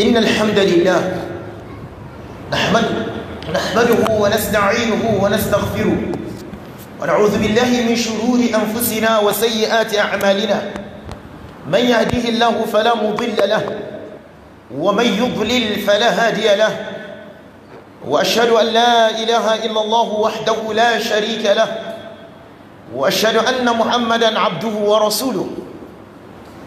إن الحمد لله نحمده نحمده ونستعينه ونستغفره ونعوذ بالله من شرور أنفسنا وسيئات أعمالنا من يهديه الله فلا مضل له ومن يضلل فلا هادي له وأشهد أن لا إله إلا الله وحده لا شريك له وأشهد أن محمدا عبده ورسوله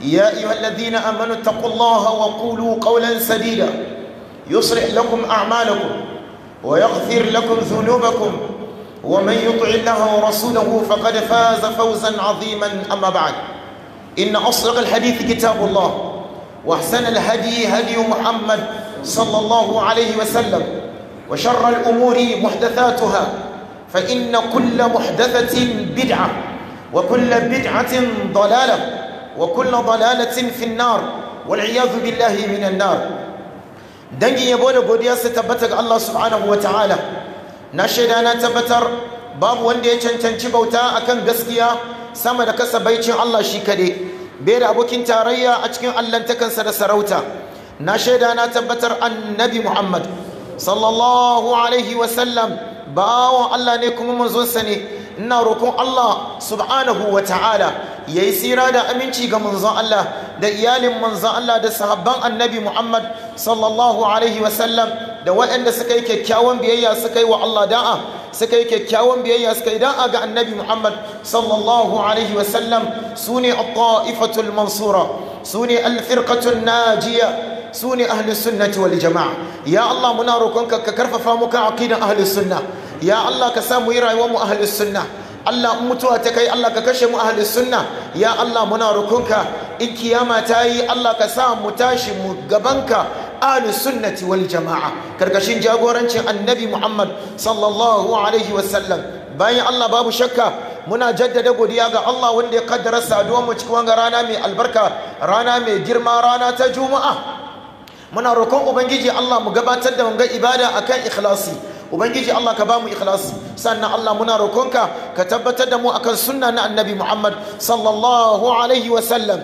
يا أيها الذين آمنوا اتقوا الله وقولوا قولا سديدا يصلح لكم أعمالكم ويغفر لكم ذنوبكم ومن يطع الله ورسوله فقد فاز فوزا عظيما أما بعد إن أصدق الحديث كتاب الله وأحسن الهدي هدي محمد صلى الله عليه وسلم وشر الأمور محدثاتها فإن كل محدثة بدعة وكل بدعة ضلالة Wa ضلالة في النار والعياذ بالله من النار dangi yabo da godiya su tabbata ga Allah subhanahu wataala na shaida na tabbatar babu wanda ya cancanci bauta a kan gaskiya sama da kasa-baicin Allah shi kade bai abokin tarayya a cikin allantakansa da sarauta na shaida na tabbatar annabi Muhammad sallallahu alaihi wasallam bawon Allah ne kuma manzonsa ne ina roƙon Allah subhanahu wa ta'ala ya yi tsira da aminci ga manzon Allah da iyalin manzon Allah da sahabban annabi Muhammad sallallahu alaihi wasallam da waɗanda suka yi kyakkyawan biyayya suka yi wa Allah da'a suka yi kyakkyawan biyayya suka yi da'a ga annabi Muhammad sallallahu alaihi wasallam su ne al-ta'ifatul mansura su ne al najiya su ne ahlus sunnati wal jama'a ya Allah muna roƙonka ka karfafa muka aqidan ahlus sunna ya Allah ka samu yi rayuwar mu ahlus sunna Allah in mutuwa ta kai Allah ka kashe mu ahlus sunna ya Allah muna rukunka in kiyama ta yi Allah ka sa mu tashi mu gabanka ahlus sunnati wal jama'a karkashin jagorancin annabi Muhammad sallallahu alaihi sallam. bayan Allah babu shakka muna jaddada godiya ga Allah wanda ya kaddara saduwar mu cikin wannan rana mai albarka rana mai girma rana ta juma'a muna rokon ubangiji Allah mu gabatar da ga ibada akan ikhlasi ubangiji Allah ka bamu ikhlas sannan Allah muna rokonka ka tabbatar da mu akan sunna na annabi Muhammad sallallahu alaihi wa sallam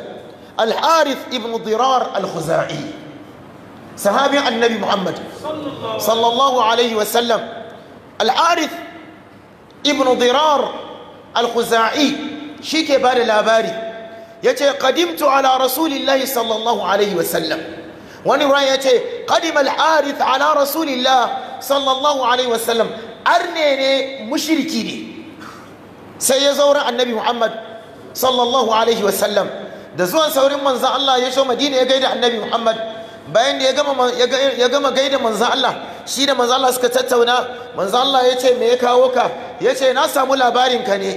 al-harith ibn dirar al-khuzai sahabi annabi Muhammad sallallahu alaihi wa sallam al-harith ibn dirar al-khuzai shike bada labari yace qadimtu ala rasulillah sallallahu alaihi wa sallam wani ruwa yace qadima al-harith ala rasulillah sallallahu alaihi wasallam arne ne mushriki ne sai ya zaura annabi muhammad sallallahu alaihi wasallam da zuwan saurin manzan allah ya zo madina ya gaida annabi muhammad bayan da ya gama gaida manzan allah shi da manzan allah suka tattauna manzan allah ya ce me ya kawo ka ya ce na samu labarinka ne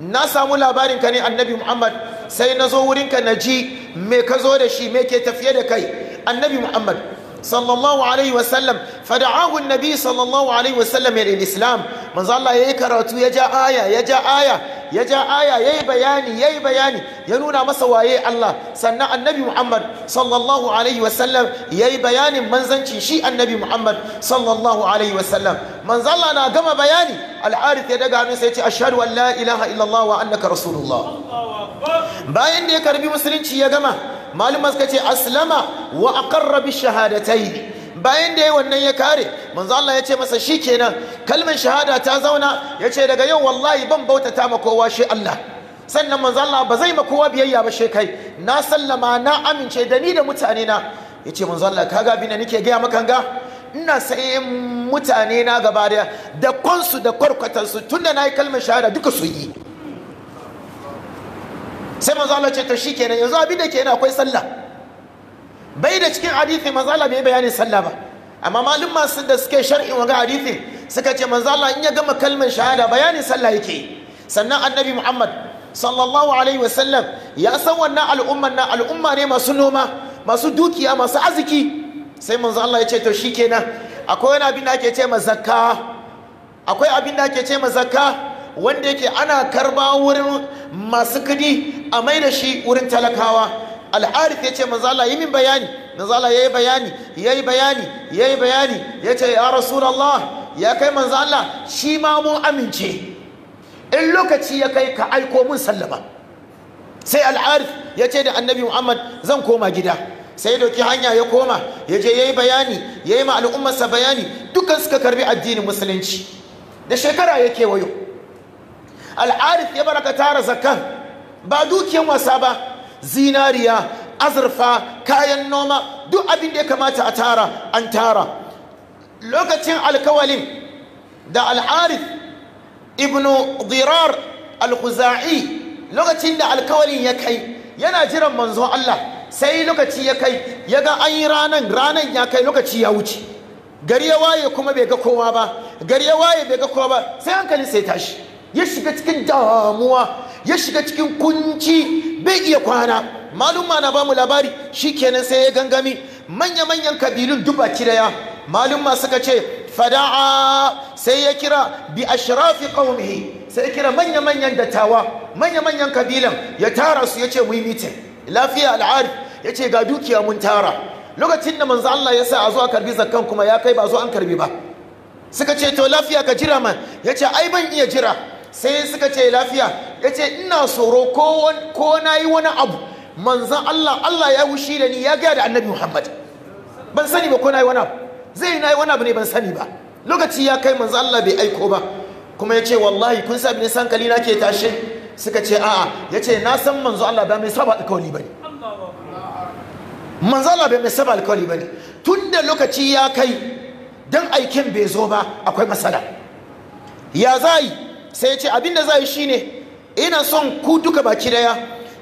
na samu labarinka ne annabi muhammad sai na zo wurinka na ji me ka zo da shi me ke tafiye da kai annabi muhammad صلى الله عليه وسلم فدعاه النبي صلى الله عليه وسلم إلى الإسلام من ظل يكرتو يجا آية يجا آية يجا آية يي بياني يي بياني ينونا مسواي الله سنة النبي محمد صلى الله عليه وسلم يي بياني من زنشي شي النبي محمد صلى الله عليه وسلم من ظل أنا قم بياني الحارث يدقى من سيتي أشهد أن لا إله إلا الله وأنك رسول الله باين دي كربي مسلمشي يا جماعة malama suka ce aslama wa aqarra bi shahadatayn bayan da yayin wannan ya kare manzo Allah ya ce masa shikenan kalmar shahada ta zauna ya ce daga yau wallahi ban bautata ma kowa shi Allah sannan manzo Allah ba zai ma kowa biyayya ba shi kai na sallama na amince da ni da mutane na ya ce manzo Allah kaga abin da nake gaya maka ga ina sai mutane na gaba da da kansu da kwarkwatansu tunda na yi kalmar shahada duka su yi sai manzo ce to shikenan yanzu abin da kenan akwai sallah bai da cikin hadisi manzo Allah bai bayanin sallah ba amma malumma sun da suke shar'i waga hadisi suka ce manzo Allah in ya gama kalmar shahada bayanin sallah yake sannan annabi Muhammad sallallahu alaihi wasallam ya san wannan al'umman na al'umma ne masu noma masu dukiya masu arziki sai manzo Allah ya ce to shikenan akwai wani abin da ake ce ma akwai abin da ake ce zakka wanda yake ana karba wurin masu kudi a mai da shi wurin talakawa alharif ya ce manzala yi min bayani manzala ya yi bayani ya yi bayani ya yi bayani ya ce ya rasulallah ya kai manzala shi ma mu amince in lokaci ya kai ka aiko mun sallama sai alharif ya ce da annabi muhammad zan koma gida sai doki hanya ya koma ya je ya yi bayani ya yi ma al'ummarsa bayani dukkan suka karbi addinin musulunci da shekara ya kewayo al'arif ya baraka tara zakan ba dukiyan wasa ba zinariya azurfa kayan noma duk abin da ya kamata a tara an tara lokacin alkawalin da al'arif ibnu dirar al-khuzai lokacin da alkawalin ya kai yana jiran manzon Allah sai lokaci ya kai ya ga an yi ranan ranan ya kai lokaci ya wuce gari ya waye kuma bai ga kowa ba gari ya waye bai ga kowa ba sai hankali sai tashi ya shiga cikin damuwa ya shiga cikin kunci bai iya kwana ma na bamu labari shi kenan sai ya gangami manya-manyan kabilun duba kiraya ma suka ce fada'a sai ya kira bi ashrafi qaumihi sai ya kira manya-manyan dattawa manya-manyan kabilan ya tara su ya ce mu yi mitin lafiya al'arif ya ce ga dukiya mun tara lokacin da manzo Allah ya sa a zo a karbi zakkan kuma ya kai ba zo an karbi ba suka ce to lafiya ka jira man ya ce ai ban iya jira sai suka ce lafiya ya ce ina tsoro ko na yi wani abu manzan Allah Allah ya wushi da ni ya gaya da annabi Muhammad ban sani ba ko na yi wani abu zai na yi wani abu ne ban sani ba lokaci ya kai manzan Allah bai aiko ba kuma ya ce wallahi kun sa ne sankali na ke tashe suka ce a'a ya ce na san manzan Allah ba mai saba alkawali ba ne manzan Allah bai mai saba alkawali ba ne tun da lokaci ya kai don aikin bai zo ba akwai matsala ya za yi sai ya ce abinda za yi shine ina son ku duka baki daya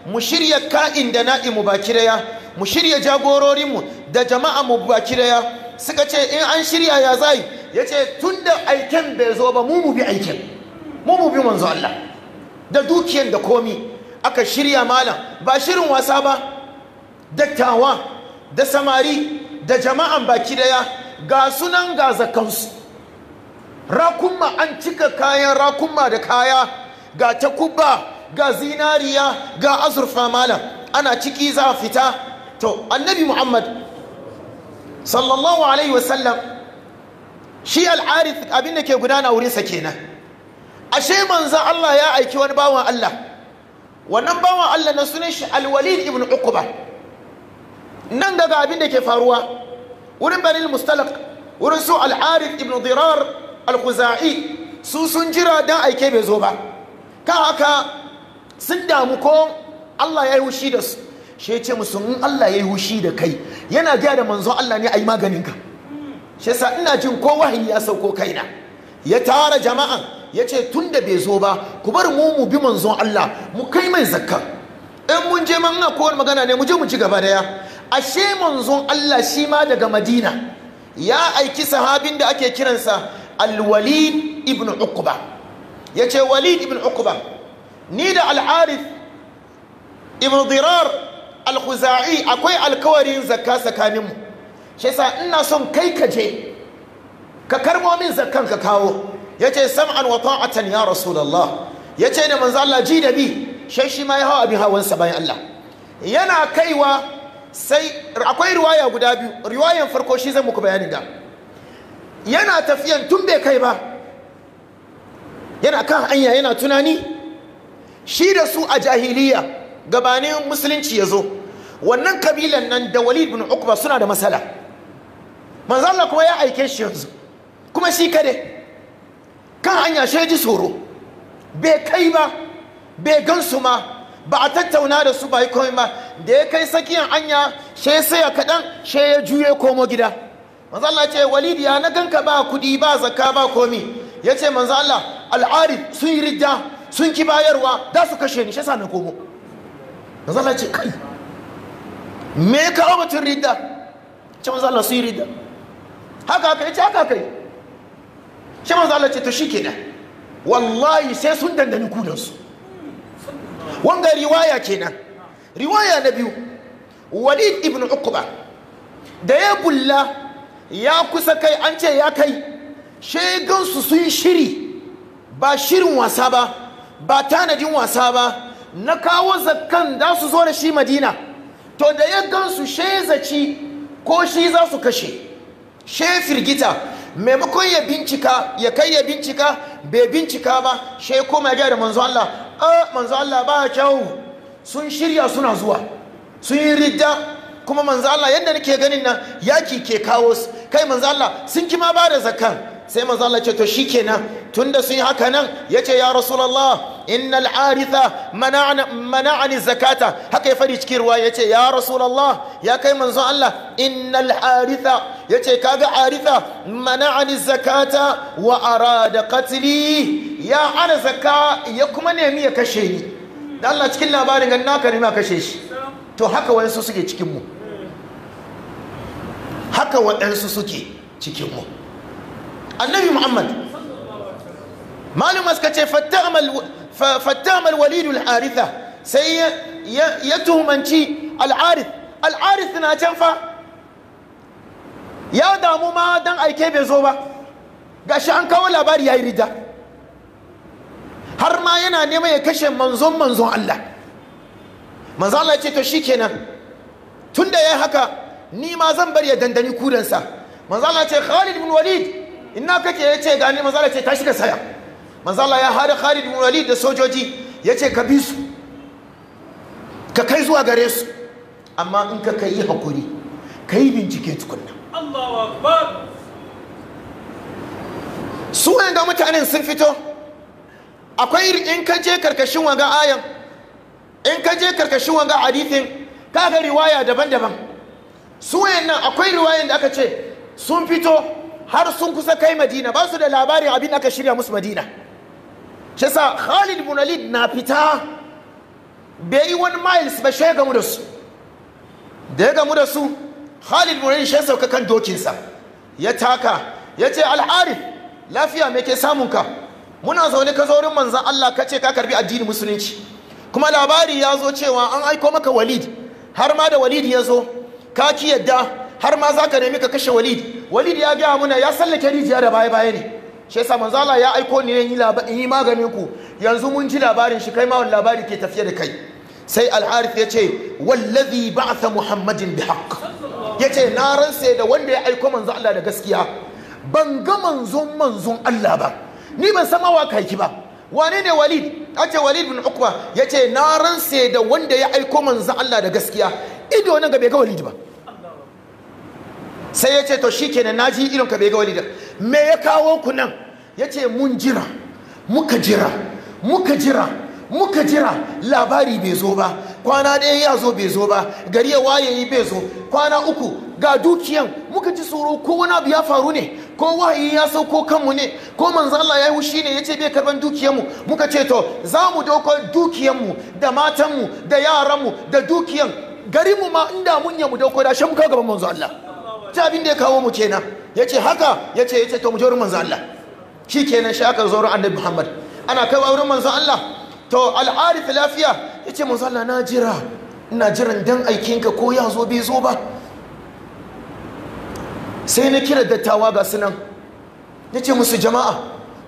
mu shirya ka'in da na'imu baki daya mu shirya jagororinmu da jama'a mu baki daya suka ce in an shirya ya za yi ya ce tun da aiken bai zo ba mu bi aiken mu bi manzo Allah da dukiyan da komi aka shirya malam ba shirin wasa ba dattawa da samari da jama'an baki daya ga sunan ga zakansu rakunma an cika kayan rakunma da kaya ga takuba ga zinariya ga azurfa malam ana ciki za a fita to annabi muhammad sallallahu alaihi wasallam shi al'arif abin da ke gudana wurinsa kenan ashe manza Allah ya aiki wani bawan Allah wannan bawan Allah na sunan shi alwalid ibn uqba nan daga abin da ke faruwa wurin banil mustalaq wurin su al'arif ibn dirar alkuza'i su sun jira don aike bai zo ba ka haka sun damu ko Allah ya yi hushi da su shi ce musu in Allah ya yi hushi da kai yana gaya da manzo Allah ne a yi maganin ka shi yasa ina jin ko wahayi ya sauko kaina ya tara jama'a ya ce tun da bai zo ba ku bar mu mu bi manzon Allah mu kai mai zakka in mun je man kowar magana ne mu je mu ci gaba daya ashe manzon Allah shi ma daga Madina ya aiki sahabin da ake kiransa Alwalid walid ibn uqba ya ce walid ibn uqba ni da al'arif ibn dirar Alhuzai akwai alkawarin zakka tsakaninmu shi yasa ina son kai ka je ka karbo min zakkan ka kawo ya ce sam'an wa ta'atan ya rasulullah ya ce da manzo Allah ji da bi shi shi ma ya hawa abin hawansa bayan Allah yana kaiwa sai akwai riwaya guda biyu riwayan farko shi zan muku bayanin da yana tafiyan tun bai kai ba yana kan hanya yana tunani shi da su a jahiliya gabanin musulunci ya zo wannan kabilan nan da walid bin ukba suna da matsala manzala kuma ya aike shi yanzu kuma shi kade kan hanya shi ji tsoro bai kai ba bai gansu ma ba a tattauna da su ba yi komai ba da ya kai tsakiyar hanya shi sai ya kaɗan shi ya juye komo gida manzo Allah ce walidi ya na ganka ba kudi ba zakka ba komi Ya manzo Allah al'arif sun yi ridda sun ki bayarwa da su kashe ni shi na komo manzo Allah ce kai me ka kawo mutum ridda ce manzo Allah sun yi ridda haka kai ce haka kai shi manzo Allah ce to shi kenan. wallahi sai sun dandani kudansu wanga riwaya kenan riwaya na biyu walid ibn uqba da ya bulla ya kusa kai an ce ya kai shegansu sun shiri ba shirin wasa ba ba tanadin wasa ba na kawo zakkan za su zo da shi madina to da ya su she zaci ko shi za su kashe she firgita maimakon ya bincika ya kai ya bincika bai bincika ba she koma ya da manzo Allah a ah, manzo Allah ba kyau sun shirya suna zuwa sun yi ridda kuma manzo Allah yadda nake ganin nan yaki ke kawo su kai manzo Allah sun ki ma ba da zakan sai manzo Allah ce to shikenan tunda sun yi haka nan yace ya rasulullah innal aritha mana'ana mana'ani zakata haka ya fadi cikin ruwa yace ya rasulullah ya kai manzo Allah innal aritha yace kaga aritha mana'ani zakata wa arada qatli ya ana zakka ya kuma nemi ya kashe ni Da Allah cikin labarin gan kashe shi to haka wayansu suke cikin mu haka waɗansu suke cikinmu annabi muhammad malumas ka ce fattamal walidu haritha sai ya tuhumanci al'arith al'arith na can fa ya damu ma don aike bai zo ba Ga shi an kawo labari ya yi rida har ma yana neman ya kashe manzon manzon Allah manzon Allah ce to kenan tun da ya haka ni ma zan bari ya dandani kudansa manzala ce Khalid bin Walid ina kake yace gani manzala ce tashi da saya Manzala ya hada Khalid bin Walid da sojoji yace ka bi su ka kai zuwa gare su amma in ka kai hakuri yi bincike tukunna Allahu akbar su mutanen sun fito akwai in ka je karkashin wanga ayan in ka je karkashin wanga hadithin kaga riwaya daban-daban su nan akwai riwayan da aka ce sun fito har sun kusa kai madina ba su da labarin abin aka shirya musu madina shi sa khalid bin na fita bai yi wani miles ba shi ya gamu da su da ya gamu da su khalid bin shi sauka kan dokinsa ya taka ya ce al'arif lafiya mai ke samun ka muna zaune ka zaurin manzan allah ka ce ka karbi addinin musulunci kuma labari ya zo cewa an aiko maka walid har ma da walid ya zo kaki ki yadda har ma za ka nemi ka kashe walid walid ya gaya muna ya sallake rijiya da baya baya ne shi yasa manzo Allah ya aiko ni ne yi maganin ku yanzu mun ji labarin shi kai ma labari ke tafiye da kai sai al-harith ya ce wallazi ba'atha muhammadin bihaq ya ce na ransa da wanda ya aiko manzo Allah da gaskiya ban ga manzon manzon Allah ba ni ban sama wa kaki ba wane ne walid a ce walid bin ukwa ya ce na ransa da wanda ya aiko manzo Allah da gaskiya ido nan ga bai ga walidi ba sai ya ce to shikenan naji idon ka bai ga walidi me ya kawo ku nan ya mun jira muka jira muka jira muka jira labari bai zo ba kwana ɗaya ya zo bai zo ba gari ya waye yi bai zo kwana uku ga dukiyan muka ji tsoro ko wani abu ya faru ne ko wahayi ya sauko kanmu ne ko manzo Allah ya yi hushi ne yace bai karban mu muka ce to za mu dauko mu da matan mu da yaranmu da dukiyan garin mu ma inda mun ya dauko da shi mu kawo gaban manzo Allah ta abin da ya kawo mu kenan yace haka yace yace to mu je wurin manzo Allah Shi kenan shi aka zo wurin Annabi Muhammad ana kai wurin manzo Allah to al-arif lafiya yace manzo Allah na jira ina jiran dan aikinka ko ya zo bai zo ba sai na kira dattawa ga sunan yace musu jama'a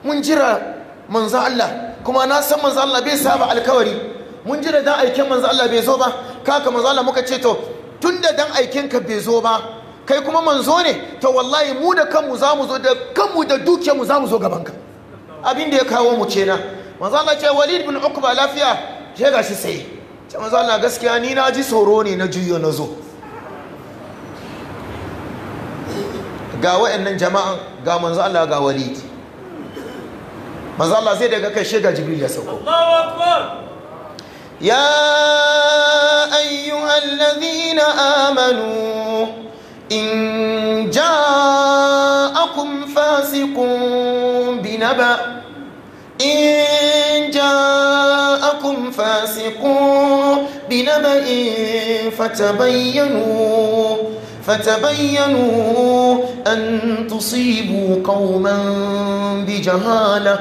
mun jira manzo Allah kuma na san manzo Allah bai saba alkawari mun jira dan aikin manzo Allah bai zo ba kaka manzo Allah muka ce to tunda dan aikin ka bai zo ba kai kuma manzo ne to wallahi mu da kanmu za mu zo da kanmu da dukiyar mu za mu zo gaban ka abin da ya kawo mu kenan manzo Allah ce Walid bin Ukba lafiya je shi sai ce manzo Allah gaskiya ni na ji tsoro ne na juyo na zo ga wayannan jama'an ga manzo Allah ga Walid manzo Allah sai daga kai shiga Jibril ya sauko Allahu akbar ya الذين آمنوا إن جاءكم فاسق بنبأ إن جاءكم فاسق بنبأ فتبينوا فتبينوا أن تصيبوا قوما بجهاله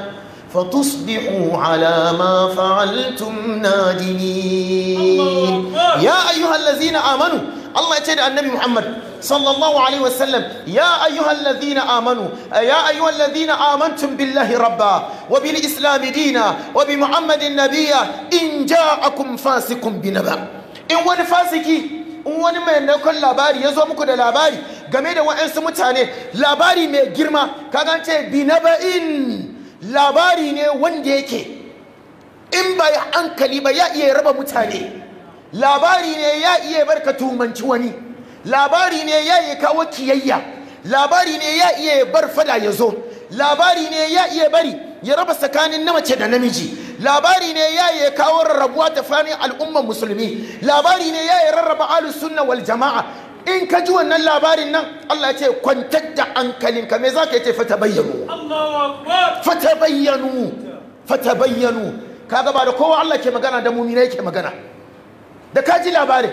فتصبحوا على ما فعلتم نادمين يا أيها الذين آمنوا الله يتدعى النبي محمد صلى الله عليه وسلم يا أيها الذين آمنوا يا أيها الذين آمنتم بالله ربا وبالإسلام دينا وبمحمد النبي إن جاءكم فاسق بنبأ إن ون فاسقي in wani mai nakon labari ya zo muku da labari game da wa'ansu mutane labari mai girma kagan ce bi na ba'in labari ne wanda yake in ba ya hankali ba ya iya raba mutane labari ne ya iya barka tumanci wani labari ne ya iya kawo kiyayya labari ne ya iya bar fada ya zo labari ne ya iya bari ya raba tsakanin na mace da namiji labari ne ya iya kawo rarrabuwa ta fani al'ummar musulmi labari ne ya iya rarraba alusunna wal jama'a in ka ji wannan labarin nan Allah ya ce kwantar da hankalinka me zaka yace fata bayyanu fata bayyanu fata bayyanu kaga ba da kowa Allah ke magana da mu'mina yake magana da ka ji labari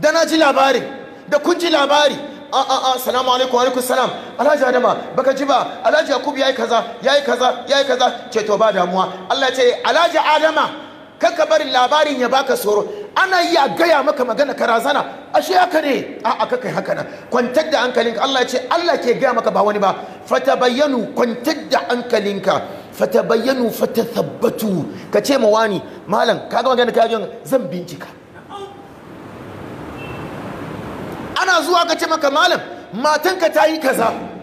da na ji labari da kun ji labari a a a salamu alaikum alaikum salam alhaji adama baka ji ba alhaji yakubu yayi kaza yayi kaza yayi kaza ce to ba damuwa Allah ya ce alhaji adama kaka bari labarin ya baka tsoro ana iya gaya maka magana ka razana ashe haka ne a aka kai haka nan kwantar da hankalinka Allah ya ce Allah ke gaya maka ba wani ba fatabayyanu kwantar da hankalinka fata fatathabbatu ka ce ma wani malam kaga magana ka yi zan bincika ana zuwa ka ce maka malam matanka ta yi kaza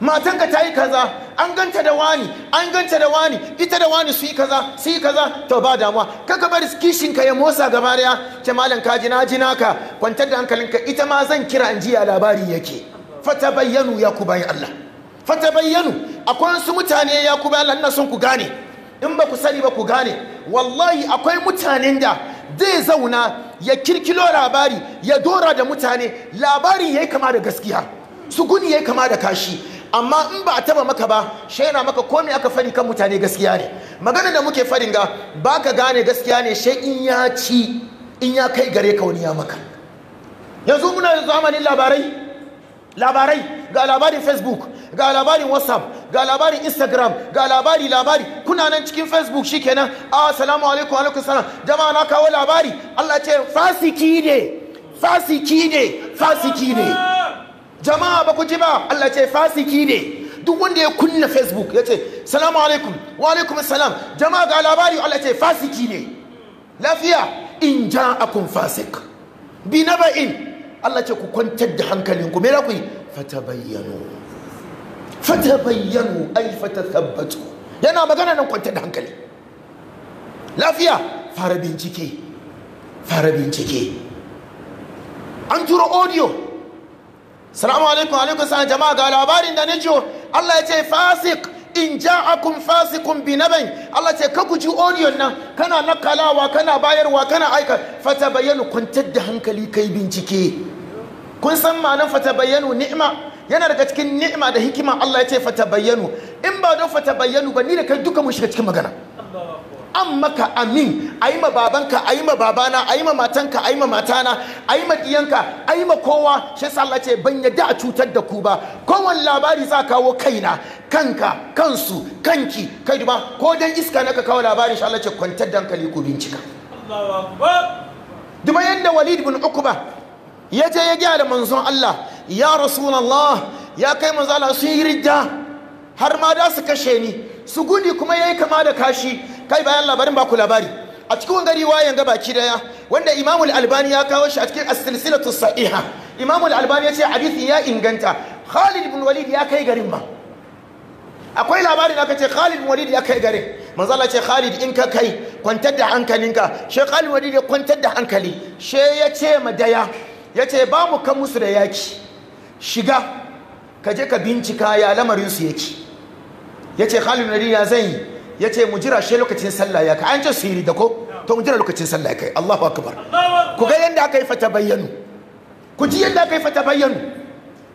matanka ta yi kaza an ganta da wani an ganta da wani ita da wani su yi kaza su yi kaza to ba damuwa kaka bari ka ya motsa gaba daya ce malam kaji na ji naka kwantar da hankalinka ita ma zan kira an ji ya labari yake fata bayyanu ya ku bayan Allah fata bayyanu akwai wasu mutane ya ku bayan Allah son ku gane in ba ku sani ba ku gane wallahi akwai mutanen da zai zauna ya kirkilo labari ya dora da mutane labari ya yi kama da gaskiya guni ya yi kama da kashi amma in ba a taba maka ba shi yana maka komai aka fari kan mutane gaskiya ne magana da muke farin ga ba ka gane gaskiya ne shi in ya ci in ya kai gare ka wani ya maka yanzu muna zamanin labarai labarai ga labarin facebook ga labarin whatsapp ga labarin instagram ga labari labari kuna nan cikin facebook shikenan assalamu alaikum alaikum salam jama'a na kawo labari Allah ce fasiki ne fasiki ne fasiki ne jama'a ba ku ji ba Allah ce fasiki ne duk wanda ya kunna facebook ya ce salamu alaikum wa alaikum salam jama'a ga labari Allah ce fasiki ne lafiya in ja akun fasik bi na ba'in Allah ce ku kwantar da hankalinku me rakwai ku yi fata bayyano ai tabbatu yana magana nan kwantar da hankali lafiya fara bincike fara bincike an turo audio salamu alaikum alaikum sa jama'a ga labarin da nijo Allah ya ce fasik in ja ja'akum fasikun bi nabain Allah ce ka guji oniyon nan kana nakalawa kana bayarwa kana aika fata bayanu kwantar da hankali kai bincike kun san ma'anar fata bayanu ni'ima yana daga cikin ni'ima da hikima Allah ya ce fata bayanu in ba don fata bayanu ba ni da kai duka mun shiga cikin magana an maka amin a yi ma babanka a yi ma babana a yi ma matanka a yi ma matana a yi ma ɗiyanka a yi ma kowa shi yasa Allah ce ban yadda a cutar da ku ba kowane labari za kawo kaina kanka kansu kanki kai duba ko dan iska na ka kawo labarin shi Allah ce kwantar da hankali ku bincika duba yadda Walid bin Ukuba ya je ya gyara manzon Allah ya Rasulullah ya kai manzon Allah sun yi ridda har ma da su kashe ni su gudi kuma yayi kama da kashi kai bayan labarin ba ku labari a cikin wanga riwayan ga baki daya wanda imamu albani ya kawo shi a cikin as-silsilatu sahiha Imam albani ya ce hadisin ya inganta Khalid ibn Walid ya kai garin ma akwai labarin aka ce Khalid Walid ya kai garin manzo ce Khalid in ka kai kwantar da hankalinka shi Khalid Walid ya kwantar da hankali she ya ce ma daya ya ce ba mu kan musu da yaki shiga ka je ka bincika ya lamarin su yake ya ce Khalid Walid ya zan yi ya ce mu jira shi lokacin sallah ya kai an ce siri da ko to mu jira lokacin sallah ya kai Allahu akbar ku ga yadda aka yi fata bayyanu ku ji yadda aka yi fata bayyanu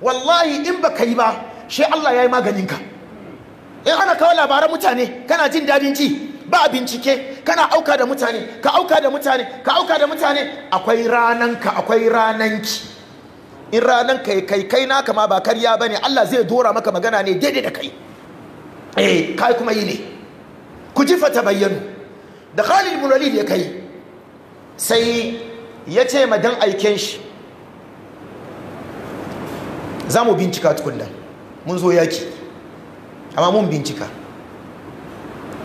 wallahi in baka yi ba shi Allah ya yi maganin ka in ana kawo labaran mutane kana jin dadin ji ba bincike kana auka da mutane ka auka da mutane ka auka da mutane akwai ranan ka, akwai ranan ki, in ranan kai kai kai na kama ba karya bane Allah zai dora maka magana ne daidai da kai eh kai kuma yi ne ku ji fata bayyanu da khalid bin walid ya kai sai ya ce ma dan aiken shi za mu bincika tukun da mun zo yaki amma mun bincika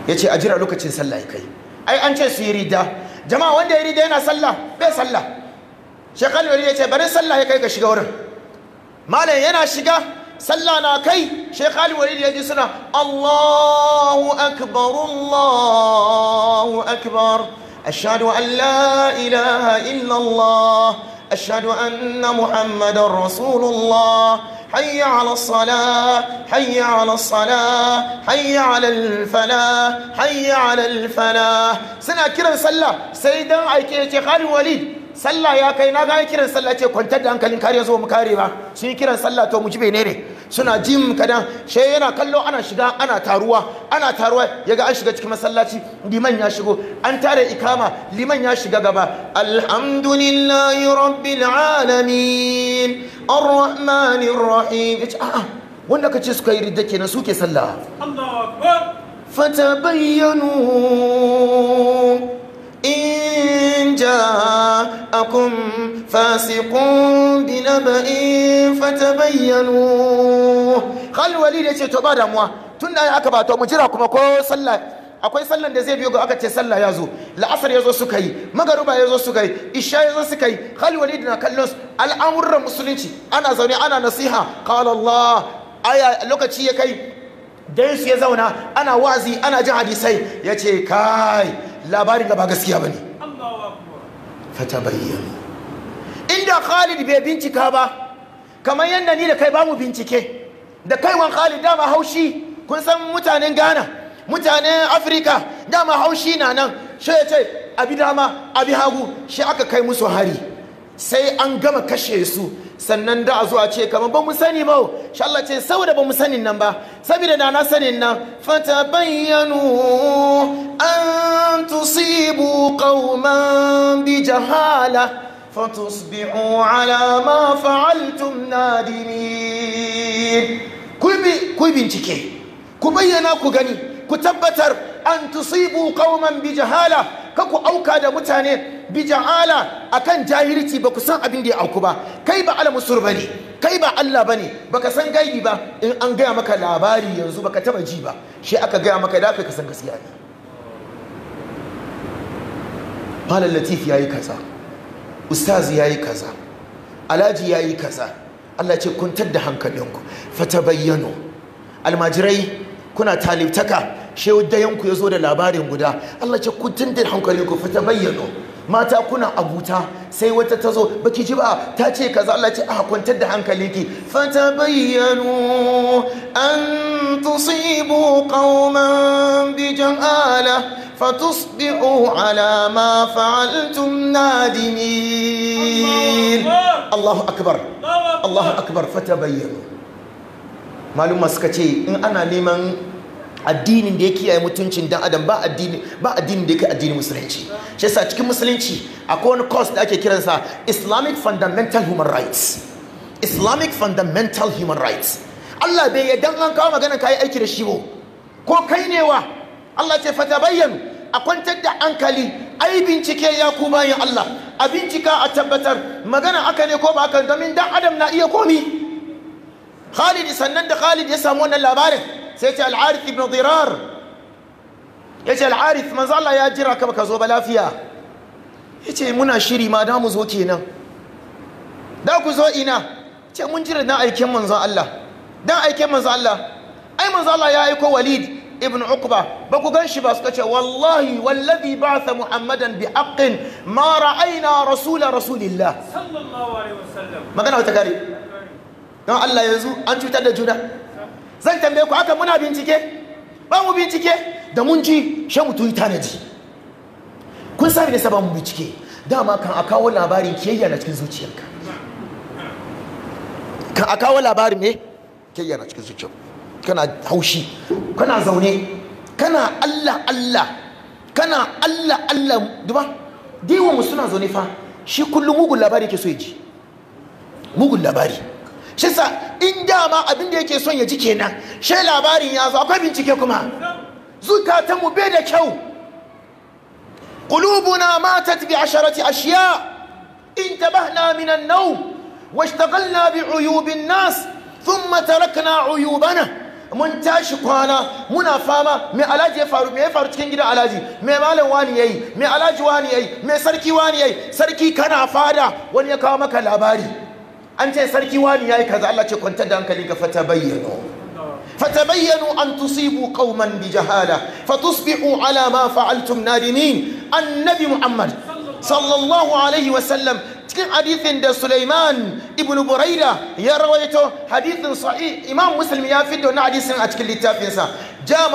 ya ce a jira lokacin sallah ya kai ai an ce su yi rida jama'a wanda ya rida yana sallah bai sallah shekali wani ya ce bari sallah ya kai ka shiga wurin malam yana shiga sallah na kai Sheikh Ali Walid ya ji suna Allahu akbar Allahu akbar ashhadu an la ilaha illa Allah ashhadu anna Muhammadar Rasulullah حي على الصلاة حي على الصلاة حي على الفلاح حي على الفلاح سنة كرا سلا سيدا أيكي خالي وليد sallah ya kai na gaya kiran sallah ce kwantar da hankalin kare zuwa mu kare ba sun yi kiran sallah to mu ji bene ne suna jin kadan she yana kallo ana shiga ana taruwa ana taruwa ya ga an shiga cikin masallaci liman ya shigo an tare ikama liman ya shiga gaba alhamdulillahi rabbil alamin arrahmanir rahim a'a wanda kace suka yi ridda kenan suke sallah Allahu akbar fatabayyanu إن جاءكم فاسق بنبأ فتبينوا خل ولي da ce to ba damuwa tun da aka ba mu jira kuma ko sallah akwai sallan da zai biyo ga aka ce sallah ya zo la'asar ya zo suka yi magaruba ya zo suka yi isha ya zo suka yi halwali na kallon al'amuran musulunci ana zaune ana nasiha qala Allah aya lokaci ya kai dan su ya zauna ana wazi ana jin hadisai yace kai labarin da ba gaskiya bane bayyana inda Khalid bai bincika ba kamar yadda ni da kai ba mu bincike da kaiwan Khalid dama haushi kun san mutanen Ghana mutanen Afirka dama haushi na nan shi ya ce abi dama abi hagu shi aka kai musu hari sai an gama kashe su sannan da a zuwa ce kamar ba mu sani ba sha Allah ce saboda ba mu sanin nan ba saboda da na sanin nan fata bayyanu an tusibu qauman bi jahala fatusbihu ala ma fa'altum nadimin ku bincike ku bayyana ku gani ku tabbatar an tusibu qauman bi jahala ka ku auka da mutane bi jahala akan jahilci ba ku san abin da ya auku ba kai ba ba bane kai ba Allah bane baka san gaibi ba in an gaya maka labari yanzu baka taba ji ba shi aka gaya maka da ka san gaskiya ne malam latif yayi kaza ustaz yayi kaza alhaji yayi kaza Allah ce kuntar da hankalinku fatabayyano almajirai kuna talibtaka shehu dayanku ya zo da labarin guda Allah ce ku tintin hankali ku fita bayyano mata kuna abuta sai wata ta zo baki ji ba ta ce kaza Allah ce a kwantar da hankali ki fata bayyanu an tusibu qauman bi jan'ala فتصبحوا على ما فعلتم Allahu الله Allahu الله أكبر فتبينوا maluma suka ce in ana neman addinin da ya kiyaye mutuncin dan adam ba addini ba addinin da yake addinin musulunci shi yasa cikin musulunci akwai wani course da ake kiransa Islamic Fundamental Human Rights Islamic Fundamental Human Rights Allah bai yadda an kawo magana kai aiki da shi ba ko kai ne wa Allah ce fata bayyana a kwantar da hankali ai bincike ya ku bayan Allah a bincika a tabbatar magana aka ne ko ba aka domin dan adam na iya komi Khalid sannan da Khalid ya samu wannan labarin sai ce al'arif ibn dirar ya ce al'arif manzo Allah ya jira ka baka zo ba lafiya ya ce muna shiri ma da zo kenan da ku zo ina ce mun jira dan aiken manzo Allah dan aiken manzo Allah ai manzo Allah ya aiko walid ibn uqba ba ku gan shi ba suka ce wallahi wallazi ba'atha muhammadan bi haqqin ma ra'ayna rasula rasulillah sallallahu alaihi wasallam magana wata gari don Allah yanzu an cutar da juna zan tambaye ku haka muna bincike ba mu bincike da mun ji shan mutu yi ji kun sami da ba mu bincike dama kan a kawo labarin kiyayya na cikin zuciyarka kan a kawo labarin ne kiyayya na cikin zuciyar kana haushi kana zaune kana Allah Allah kana Allah Allah duba diwa mu suna zaune fa shi kullum mugun labari ke so ya ji mugun labari shi sa in dama abin da yake son ya ji kenan shi labarin ya zo akwai bincike kuma zukatanmu bai da kyau qulubuna matat bi asharati ashiya intabahna min an-nawm washtaghalna bi uyubin nas thumma tarakna uyubana mun tashi kwana muna fama Me alaji ya faru ya faru cikin gidan alaji mai malam wani yayi mai alaji wani yayi mai sarki wani yayi sarki kana fada wani ya kawo maka labari an ce sarki wani ya yi kaza Allah ce kwanta da hankali ga fata bayyano fata bayyano an tusibu kauman bi jahala fa tusbihu ala ma fa'altum nadimin annabi muhammad sallallahu alaihi wa sallam cikin hadithin da Sulaiman ibn Buraida ya rawaito hadithin sahih Imam Muslim ya fito na hadisin a cikin littafinsa ja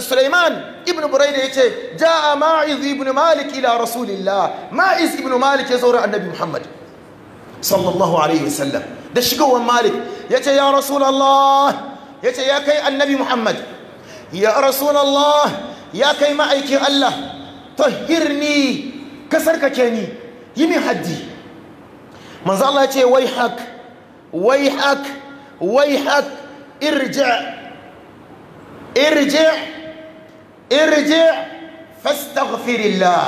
Sulaiman ibn Buraida ce, ja ma'iz ibn Malik ila Rasulillah ma'iz ibn Malik ya zaura annabi Muhammad sallallahu alaihi wasallam da shigowar malik ya ce ya rasulallah ya ce ya kai annabi muhammad ya rasulallah ya kai ma'aikin allah tahirni ka sarkake ni yi min haddi manzo Allah ya ce wai hak wai hak wai hak irji irji irji fastaghfirillah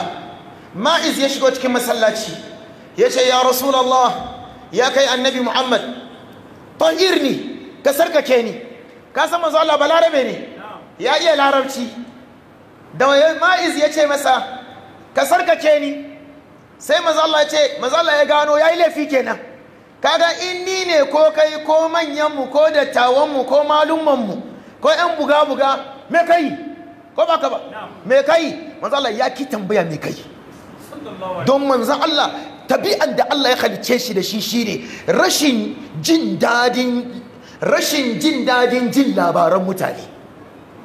ma'iz ya shigo cikin masallaci ya ce ya rasulallah ya kai annabi muhammad tahir ni ka sarkake ni ka san manzo Allah ba larabe ne ya iya larabci da ma'iz ya ce masa ka sarkake ni sai manzo Allah ya ce manzo Allah ya gano yayi laifi kenan kaga in ni ne ko kai ko manyan mu ko dattawan mu ko malumman mu ko yan buga buga me kai ko ba ka ba me kai manzo Allah ya ki tambaya me kai don manzo Allah tabi'an da Allah ya halice shi da shi shine rashin jin dadin rashin jin dadin jin labaran mutane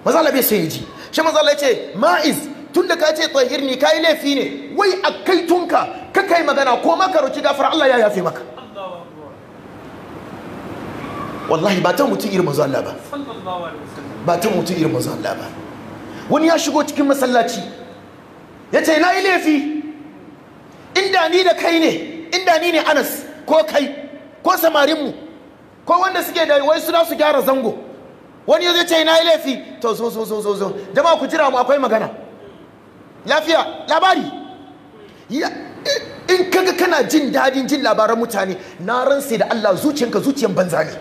mazala bai sai ji shi mazala ce ma'iz tun da ka ce tsahir ni yi laifi ne wai a kai tunka ka kai magana ko maka roki gafar? Allah ya yafe maka wallahi ba ta mutum irin manzo Allah ba ba ta mutum irin manzo Allah ba wani ya shigo cikin masallaci ya ce na yi laifi inda ni da kai ne inda ni ne anas ko kai ko samarinmu ko wanda suke da wai suna su gyara zango wani ya zai ce na yi laifi to zo zo zo zo zo jama ku jira mu akwai magana lafiya labari in kaga kana jin dadin jin labaran mutane na ran ransa da Allah zuciyanka zuciyan banza ne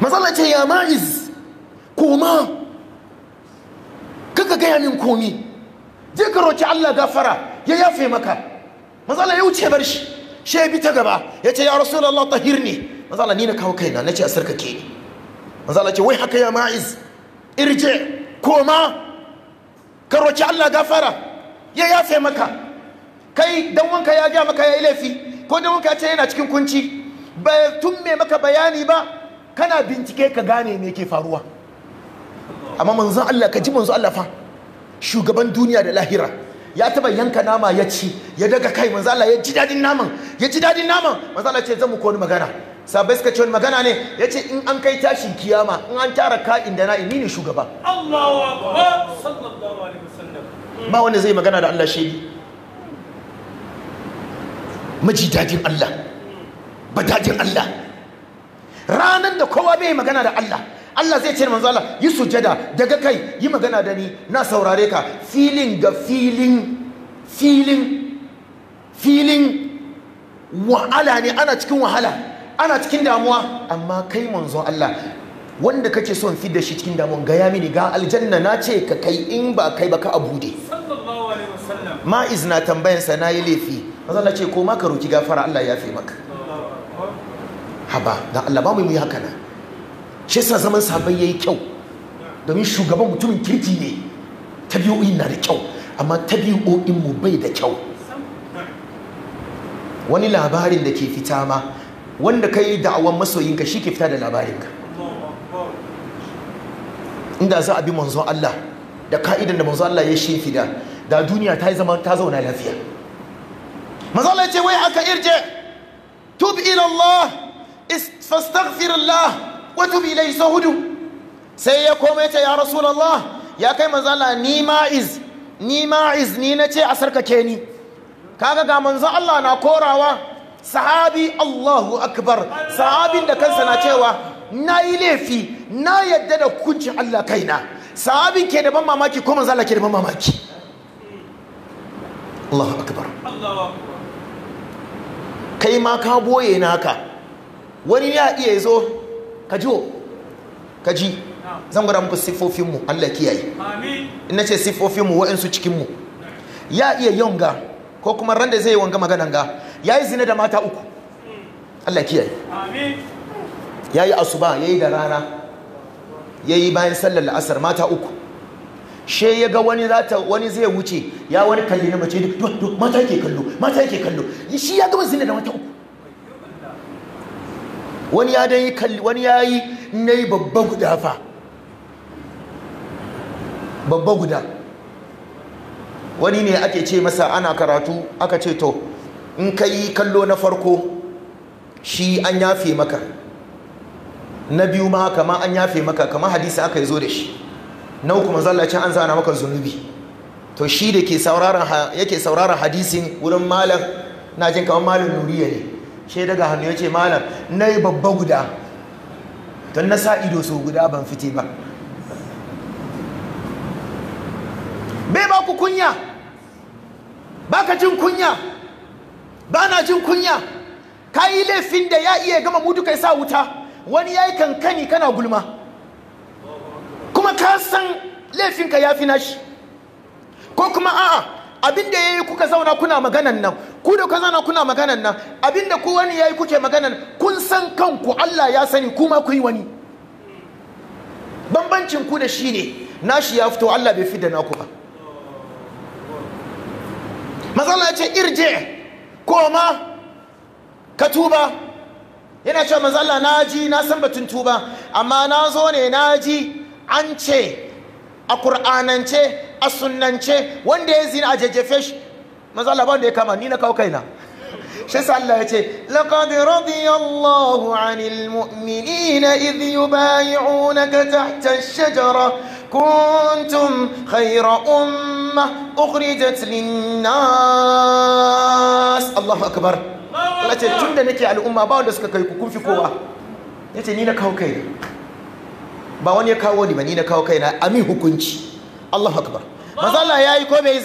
matsala ce ya ma'iz koma kaka gaya min komi je ka roki Allah gafara ya yafe maka matsala ya wuce bar shi shi bi ta gaba ya ce ya rasulallah tahir ne manzala ni na kawo kaina na ce a sarkake ni matsala ce wai haka ya ma'iz irje koma ka allah gafara ya yafe maka kai dan wanka ya gaya maka ya yi laifi ko dan wanka ya ce yana cikin kunci bai tun me maka bayani ba kana bincike ka gane me ke faruwa amma manzon allah ka ji manzon allah fa shugaban duniya da lahira ya taba yanka nama ya ci ya daga kai manzo Allah ya ji dadin naman ya ji dadin naman manzo Allah ce zan muku wani magana sabai suka ce wani magana ne ya ce in an kai tashin kiyama in an tara ka'in da na'i ni ne shugaba Allahu akbar sallallahu alaihi wasallam ba wanda zai magana da Allah shi maji dadin Allah ba dadin Allah ranan da kowa bai magana da Allah Allah zai ce manzo Allah yi sujada daga kai yi magana da ni na saurare ka filin ga filin filin filin wahala ne ana cikin wahala ana cikin damuwa amma kai manzo Allah wanda kake son in fidda shi cikin damuwa ga ya mini ga aljanna na ce ka kai in ba kai ba ka abude ma'iz na tambayansa na yi laifi manzo Allah ce ko ma ka roki gafara Allah ya fi maka haba don Allah ba mu yi haka nan shi sa zaman ya yi kyau domin shugaban mutumin kirki ne tabi'o'in na da kyau amma tabi'o'in mu bai da kyau wani labarin da ke fita ma wanda ka yi da'awan masoyinka shi ke fita da labarinka inda za a bi manzo Allah da ka'idan da manzo Allah ya shefi fida da duniya ta yi zama ta zauna lafiya manzo Allah ya ce wai aka irje tub ila Allah fastaghfir watub ilai sahudu sai ya koma ya ce ya rasulallah ya kai manzo ni ma'iz ni ma'iz ni nace a sarkake ni kaga ga manzo Allah na korawa sahabi Allahu akbar sahabin da kansa na cewa na yi laifi na yadda da hukuncin Allah kaina sahabin ke da ban mamaki ko manzo Allah ke da ban mamaki Allahu akbar kai ma ka boye naka wani ya iya zo Kaji o Kaji, zan gwada muku siffofinmu Allah kiyaye in nace siffofinmu wa'insu cikinmu ya iya yonga ko kuma ran da zai wanga maganan ga ya yi zina da mata uku Allah kiyaye ya yi asuba ya yi da rana ya yi bayan sallar la'asar mata uku she ya ga wani zata wani zai wuce ya wani kalli na mace duk duk mata yake kallo mata yake kallo shi ya gama zina da mata uku wani ya dan yi kalli wani ya yi na yi babba guda fa babba guda wani ne ake ce masa ana karatu aka ce to in ka yi kallo na farko shi an yafe maka na biyu ma kama an yafe maka kama hadisi aka yi zo da shi na hukumar zallacin an zana maka zunubi to shi da ke sauraron hadisin wurin malam na jin kamar malam nuriya ne she daga hannu ya ce malam na yi babba guda don na sa ido sau guda ban fite ba bai ba ku kunya ba ka jin kunya ba na jin kunya ka yi laifin da ya iya gama mutu kai sa wuta wani ya yi kankani kana gulma kuma ka san laifinka ya fi nashi ko kuma a'a abinda da ya yi kuka zauna kuna maganan nan ku da ka zana kuna maganan nan abinda ku wani yayi kuke maganan kun san kanku Allah ya sani kuma ku yi wani bambancin ku da shi ne nashi ya fito Allah bai fidda da naku ba Mazala ce irje koma ka tuba yana cewa matsala na ji na san batun tuba amma na zo ne na ji an ce a kur'anance a sunnance wanda ya zina a jajjefe shi manzo Allah ba wanda ya kama ni na kawo kaina shi yasa Allah ya ce laqad radiyallahu 'anil mu'minina idh yubay'unaka tahta ash-shajara kuntum khayra ummah ukhrijat lin-nas Allahu akbar Allah ce tunda nake al'umma ba wanda suka kai ku kun fi kowa yace ni na kawo kaina ba wani ya kawo ni ba ni na kawo kaina amin hukunci Allahu akbar manzo Allah yayi ko bai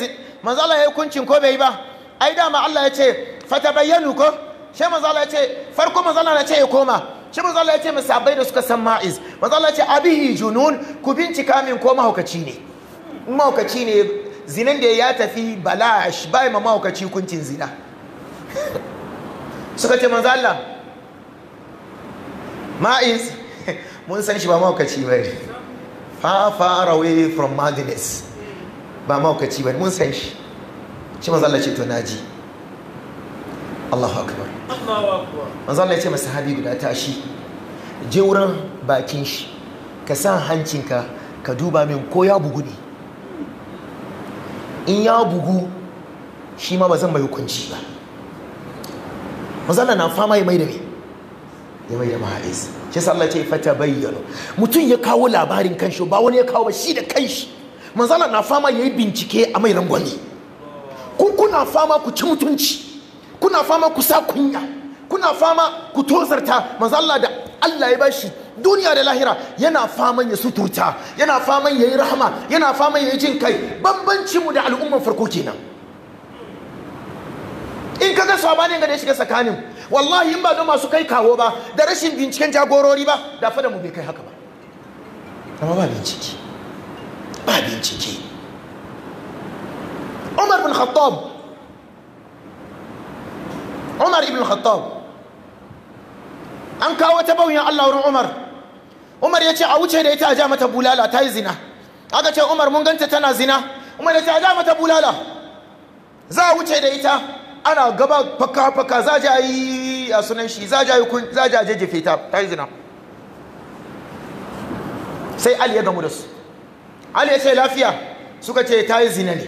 manzo Allah ya yi hukuncin ko bai yi ba ai da ma Allah ya ce bayyanu ko sai manzo Allah ya ce farko manzo Allah ya ce ya koma shi manzo Allah ya ce musabbai da suka san ma'iz manzo Allah ya ce abihi junun ku bincika min ko mahaukaci ne mahaukaci ne zinan da ya tafi balash bai ma mahaukaci kuncin zina suka ce manzo Allah ma'iz mun san shi ba mahaukaci bai. far far away from madness ba mahaukaci ba mun san shi shi manzo Allah ce to naji Allahu akbar Allahu akbar manzo Allah ya ce masa sahabi guda tashi je wurin bakin shi ka sa hancinka ka duba min ko ya bugu ne in ya bugu shi ma ba zan mai hukunci ba manzo Allah na fama ya mai da ya mai da mahaiz shi sallace fata bayyana mutum ya kawo labarin kanshi ba wani ya kawo ba shi da kanshi manzala na fama ya yi bincike a mai rangwani kun kuna fama ku ci mutunci kuna fama ku sa kunya kuna fama ku tozarta manzala da Allah ya bashi duniya da lahira yana faman ya suturta yana faman ya yi rahama yana fama ya yi jin kai bambanci mu da al'umman farko kenan in kaga sabanin ga da shiga tsakanin wallahi in ba don masu kai kawo ba da rashin binciken jagorori ba da fada mu bai kai haka ba amma ba bincike ba bincike umar bin khattab umar ibn khattab an kawo wata bauyin allah wurin umar umar ya ce a wuce da ita a ja mata bulala ta yi zina aka ce umar mun ganta tana zina umar ya ce a ja mata bulala za a wuce da ita ana gaba faka-faka za a yi a sunan shi za a a jefe ta ta yi zina sai ali ya gamu da su ali ya ce lafiya suka ce ta yi zina ne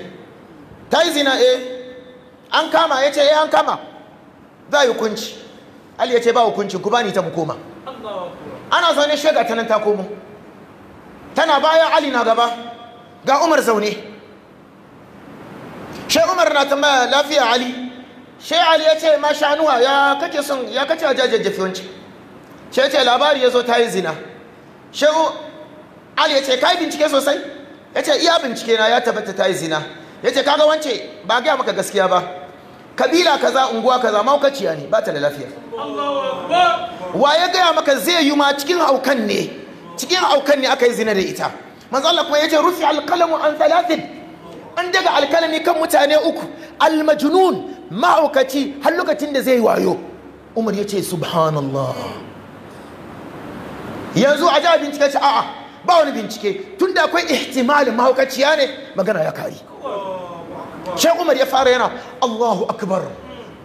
ta yi zina eh an kama ya ce e an kama za a yi hukunci ali ya ce ba hukunci ku bani ta mu koma ana zaune shiga ta nan ta komo tana baya ali na gaba ga umar zaune shi umar na maya lafiya ali shai ali ya ce ma shanuwa ya kake sun ya kace a jajjajjafi wanci shai ce labari ya zo ta yi zina shi ali ya ce ka bincike sosai ya ce iya bincike na ya tabbata ta yi zina ya ce kaga wance ba gaya maka gaskiya ba kabila kaza unguwa kaza maukaciya ne ba ta da lafiya wa ya gaya maka zai yi ma cikin haukan ne cikin haukan ne aka yi zina da ita manzo Allah kuma ya ce rufi alkalamu an thalathin an daga alkalami kan mutane uku almajnun mahaukaci har lokacin da zai wayo umar ya ce subhanallah yanzu a ji bincike ce a'a ba wani bincike tun da akwai ihtimalin mahaukaciya ne magana ya kari shek umar ya fara yana allahu akbar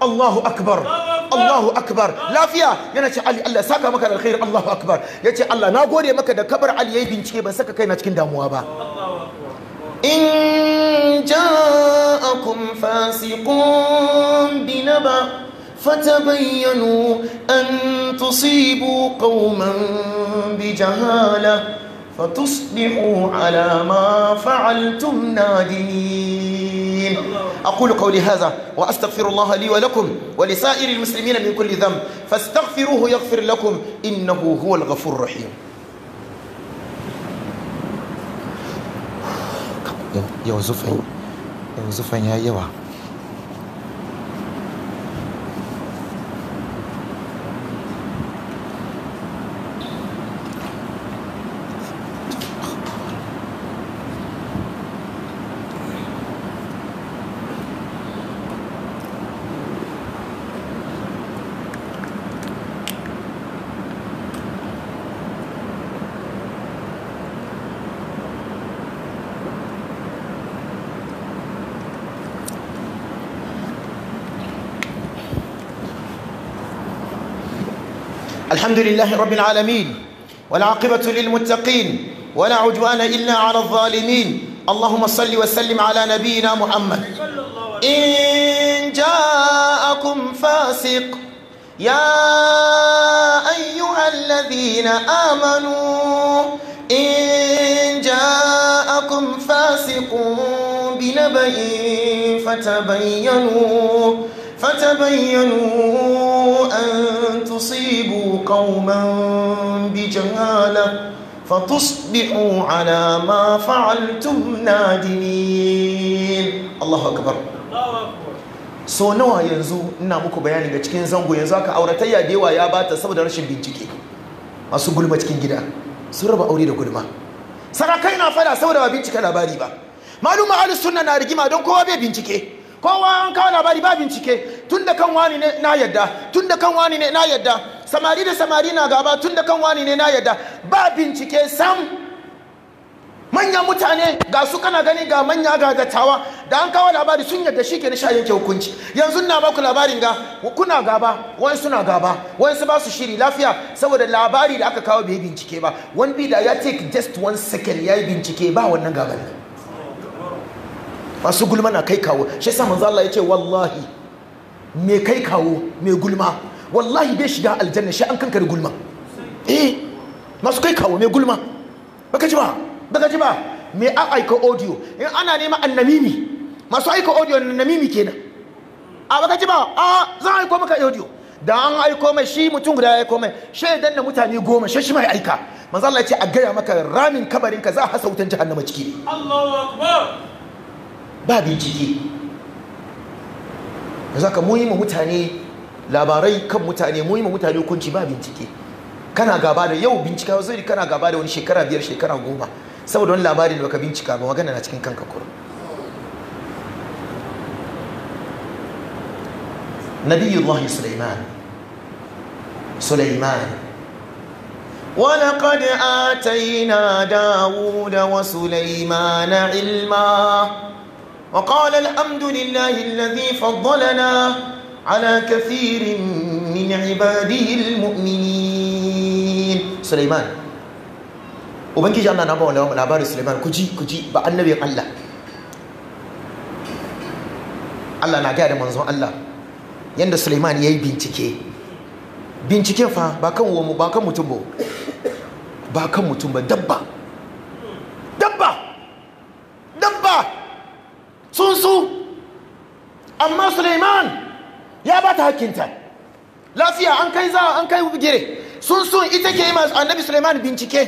Allahu akbar Allahu akbar lafiya yana ce Ali Allah saka maka da alkhair Allahu akbar ce Allah na gode maka da kabar Ali yayi bincike ban saka kaina cikin damuwa ba in ja'akum fasiqun binaba fatabayyanu an tusibu qauman jahala. فتصبحوا على ما فعلتم نادمين أقول قولي هذا وأستغفر الله لي ولكم ولسائر المسلمين من كل ذنب فاستغفروه يغفر لكم إنه هو الغفور الرحيم يا يوزفني يا يا يوه الحمد لله رب العالمين والعاقبة للمتقين ولا عدوان إلا على الظالمين اللهم صل وسلم على نبينا محمد إن جاءكم فاسق يا أيها الذين آمنوا إن جاءكم فاسق بنبأ فتبينوا فتبينوا أن تصيبوا قوما بجهالة فتصبحوا على ما فعلتم نادمين الله أكبر so nawa yanzu ina muku bayani ga cikin zango yanzu aka auratayya da yawa ya bata saboda rashin bincike masu gulma cikin gida sun raba aure da gulma sarakai na fada saboda ba bincika labari ba malumin Ali sunna na rigima don kowa bai bincike kowa an kawo labari ba bincike tun da kan wani ne na yadda tun da kan wani ne na yadda samari da samari na gaba tun da kan wani ne na yadda ba bincike sam manyan mutane ga su kana gani ga manya ga dattawa da an kawo labari sun yadda shi ke sha yanke hukunci yanzu na baku labarin ga kuna gaba wani suna gaba wani su ba su shiri lafiya saboda labari da aka kawo bai bincike ba wani bi da ya take just one second ya yi bincike ba wannan gaban masu gulma na kai kawo shi sa manzo Allah ya ce wallahi mai kai kawo mai gulma wallahi bai shiga aljanna shi an kankari gulma eh masu kai kawo mai gulma baka ji ba baka ji ba mai an aika audio in ana neman annamimi masu aika audio annamimi kenan a baka ji ba a za a aiko maka audio da an aiko mai shi mutum guda ya aiko mai shaidan da mutane goma shi mai aika manzo Allah ya ce a gaya maka ramin kabarin ka za a hasa wutan jahannama ciki Allahu akbar ba bincike za ka mu yi mutane labarai kan mutane mu yi mutane hukunci ba bincike kana gaba da yau bincika wasu ne kana gaba da wani shekara biyar shekara goma saboda wani labarin da baka bincika ba magana na cikin kanka kurum allah sulaiman sulaiman ولقد آتينا داود وسليمان علما وقال الحمد لله الذي فضلنا على كثير من عباده المؤمنين سليمان ubangiji Allah na ba wani labarin Suleiman kuji kuji ba annabin Allah Allah na gaya da manzon Allah yanda Suleiman ya yi bincike bincike fa ba kan ba kan mutum ba ba kan mutum ba dabba ta hakinta lafiya an kai za an kai gire sun sun ita ke ma annabi suleiman bincike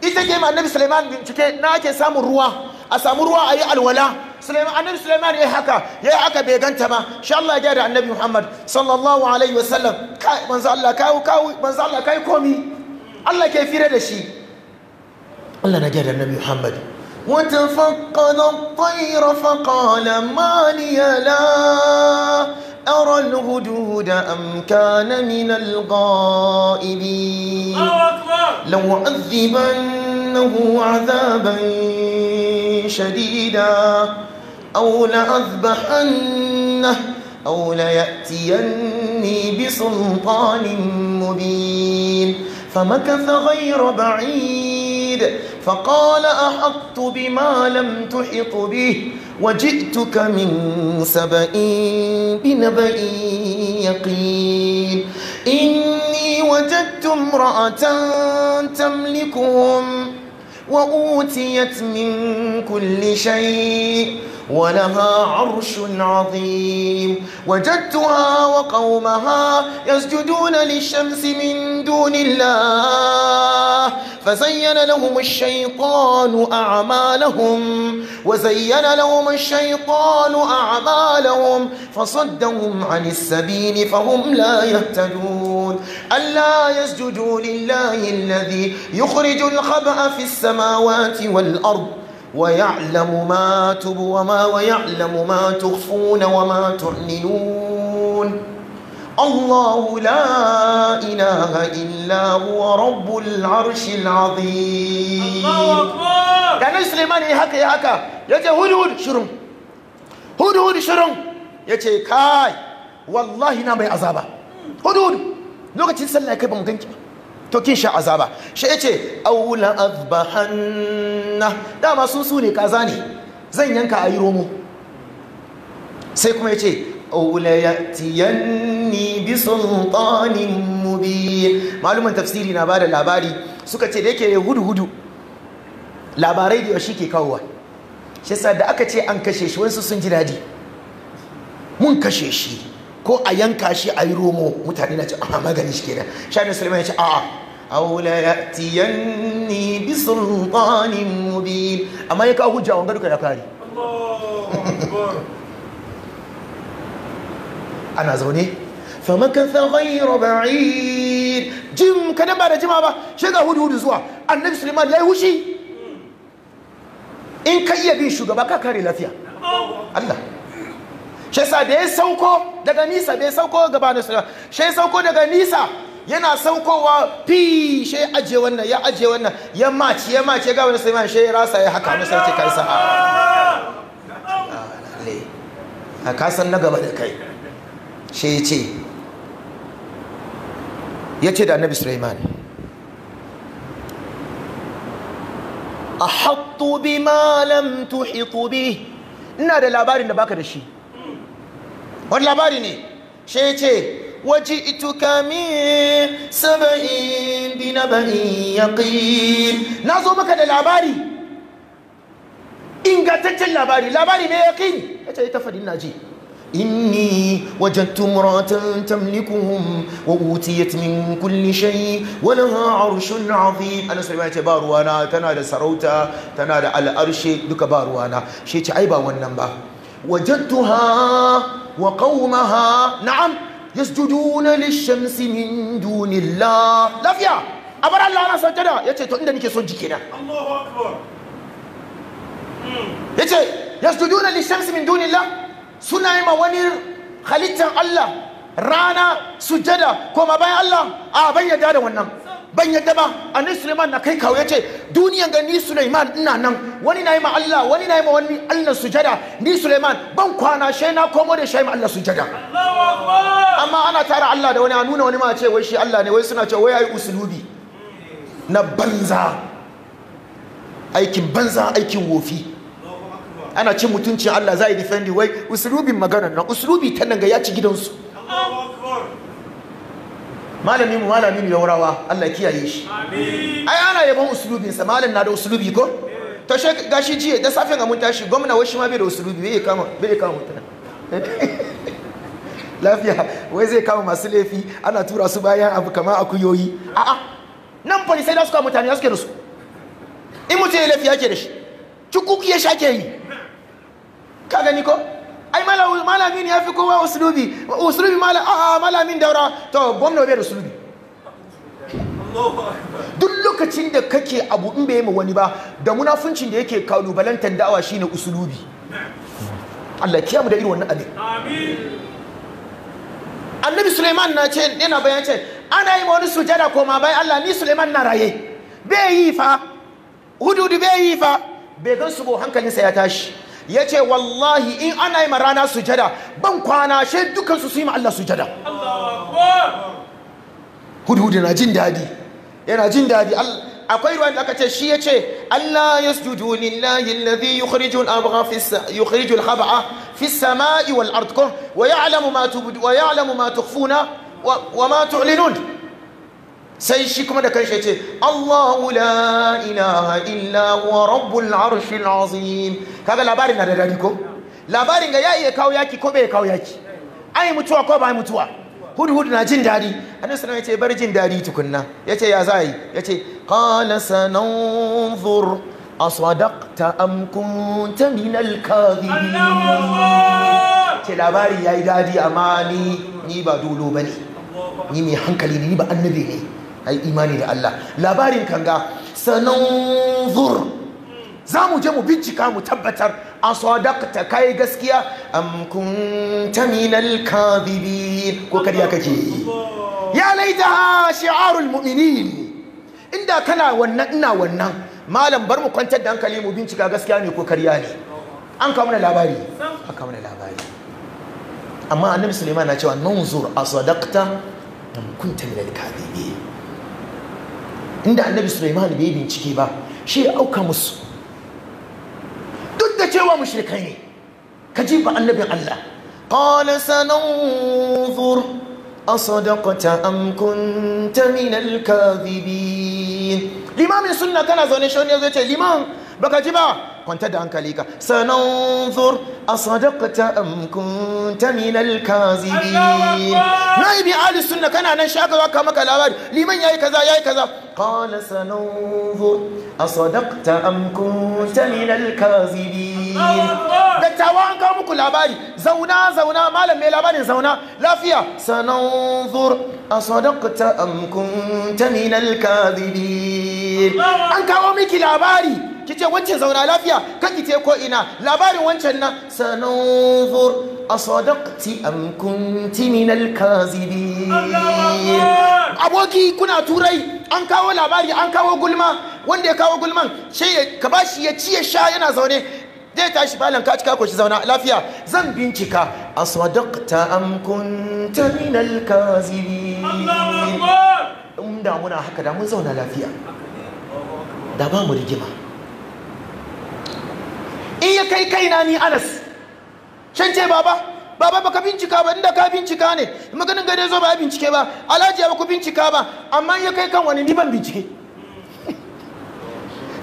ita ke ma annabi suleiman bincike na ake samun ruwa a samu ruwa a yi alwala suleiman annabi suleiman ya haka ya yi aka bai ganta ma sha Allah ya gyara annabi muhammad sallallahu alaihi wasallam kai manzo Allah kawo kawo manzo Allah kai komi Allah ke fira da shi Allah na gyara annabi muhammad وتفقد الطير فقال ما لي لا أرى الهدود أم كان من الغائبين لو عذبنه عذابا شديدا أو لأذبحنه أو ليأتيني بسلطان مبين فمكث غير بعيد فقال أحط بما لم تحط به وجئتك من سبأ بنبأ يقين إني وجدت امرأة تملكهم وأوتيت من كل شيء ولها عرش عظيم وجدتها وقومها يسجدون للشمس من دون الله فزين لهم الشيطان أعمالهم وزين لهم الشيطان أعمالهم فصدهم عن السبيل فهم لا يهتدون يعلمون ألا يسجدوا لله الذي يخرج الخبأ في السماوات والأرض ويعلم ما تب وما ويعلم ما تخفون وما تعلنون الله لا إله إلا هو رب العرش العظيم الله أكبر يعني سليمان هكا هكا يجي هود هود شرم هود هود شرم يجي كاي والله نعم أزابا هود هود lokacin sallah kai ba mu ganki ba to kin sha azaba shi yace awla azbahanna dama sun su kaza ne zan yanka ayi romo sai kuma yace awla yatiyanni bi sultanin mubin malumin tafsiri na bada labari suka ce da yake hudu hudu labarai da shi ke kawowa shi yasa da aka ce an kashe shi wasu sun ji dadi mun kashe shi ko a yanka shi a yi romo mutane na ce a magani shi kenan shaɗin sulaiman ya ce a'a aula ya tiyanni bi sultanin mubin amma ya kawo hujja wanga duka ya kare ana zaune famakan tsagairu roba'i jim kada ba da jima ba ga hudu hudu zuwa annabi sulaiman ya yi hushi in ka iya bin shugaba ka kare lafiya Allah shi yasa da ya sauko daga nisa bai sauko na su shi ya sauko daga nisa yana saukowa fi shi ajiye wannan ya ajiye wannan ya maci ya maci ya gaba na sulaiman shi ya rasa ya haka musa ce kai sa'a A kasan na gaba da kai shi ya ce ya ce da annabi sulaiman hattu bi malam تحط به ina da labarin da baka da shi wani labari ne shi ce waji ituka saba'in bi na ba'in na zo maka da labari ingantaccen labari labari ne yaqin ya ce ita fadin na ji إني وجدت امرأة تملكهم ruwa من tana da sarauta tana da al'arshe duka ba ruwa na, تنادى ai ba wannan ba. وجدتها وقومها نعم يسجدون للشمس من دون الله لا فيها أبرا الله أنا سجدها يتي تو إندا نيكي سجي كنا الله أكبر يتي يسجدون للشمس من دون الله سنة ما ونير خليتا الله رانا سجدا كما باي الله آبان يدادا ونم ban yadda ba ni Sulaiman na kai kawo ce, duniyan ga ni Sulaiman ina nan wani na yi ma Allah wani na yi ma wani Allah sujada ni Sulaiman ban kwana shai na komo da shai ma Allah sujada amma ana tara Allah da wani a nuna wani ma ce wai shi Allah ne wai suna ce wai yi usulubi na banza aikin banza aikin wofi ana cin mutuncin Allah za a yi difendi wai usulubin maganar nan usulubi ta nan ga ya ci gidansu malami mu malami ne yaurawa Allah kiyaye shi ai ana yabon usulubin sa malam na da usulubi ko to she gashi jiya da ga mun tashi gwamna wai shi ma bai da usulubi bai kama bai kama mutuna lafiya wai zai kama masu laifi ana tura su bayan abu kamar akuyoyi a'a nan fa sai da su kama mutane suke da su in mutum ya lafiya ke da shi cikuki ya shake yi ka gani ko ai malamin ya fi kowa usulubi usulubi malamin daura to bom bai da usulubi duk lokacin da kake abu in bai ma wani ba da munafuncin da yake kalubalantar da'awa shine usulubi Allah mu da irin wannan abin annabi suleiman na ce yana bayan ce ana yi ma wani sujada koma bai Allah ni suleiman na raye bai yi fa hududu bai yi fa bai gan su hankalinsa ya tashi ya ce wallahi in ana yi rana sujada ban kwana shi dukansu su yi ma Allah sujada hudu na jin daɗi yana jin daɗi akwai ruwan da aka ce shi ya ce Allah ya sujudu lillahi alladhi yukhrijul abgha fi yukhrijul khaba'a fi samai wal ard wa ya'lamu ma tubdu wa ya'lamu wa ma tu'linun sai shi kuma da kanshi ce Allahu la ilaha illa wa rabbul arshil azim kaga labarin na da dadi ko labarin ga ya iya kawo yaki ko bai kawo yaki ai mutuwa ko bai mutuwa Hudu-Hudu na jin dadi annabi sallallahu alaihi bar jin dadi tukunna yace ya zai yace qala sananzur asadaqta am kunta min al ce labari yayi dadi amma ni ni ba dolo bane ni mai hankali ni ba annabi ne ai imani da Allah labarin kanga sananzur za mu je mu bincika mu tabbatar a sadaqta kai gaskiya am kunta minal kadhibin ko kariya kake ya laita shi'arul mu'minin inda kana wannan ina wannan malam bar mu kwantar da hankali mu bincika gaskiya ne ko kariya ne an kawo mana labari an kawo mana labari amma annabi suleiman na cewa nanzur a sadaqta am kunta minal kadhibin inda annabi Sulaiman bai bincike ba shi ya auka musu duk da cewa mushrikai ne ka ji ba annabin Allah qala sananzur asadaqta am kunta min al limamin sunna kana zaune shi ne zai ce liman baka ji ba kwanta da hankali ka sananzur asadaqta am kunta min alkazibin naibi ali sunna kana nan shagawa ka maka labari liman yayi kaza yayi kaza Kana sananzur asadaqta am kunta min alkazibin dattawa an kawo muku labari zauna zauna malam mai labarin zauna lafiya sananzur asadaqta am kunta min alkazibin an kawo miki labari ki ce wancan zauna lafiya kan ki ko ina labarin wancan nan sanunzur asadaqti am kunti min alkazibi aboki kuna turai an kawo labari an kawo gulma wanda ya kawo gulman sai ka bashi ya ci ya sha yana zaune zai tashi balan ka cika ko shi zauna lafiya zan bincika asadaqta am kunta min alkazibi Allahu akbar in da muna haka da mun zauna lafiya da ba mu rigima in ya kai kaina ni anas shan ce baba baba baka bincika ba inda ka bincika ne maganin gare zo ba bincike ba alhaji ba ku bincika ba amma ya kai kan wani ni bincike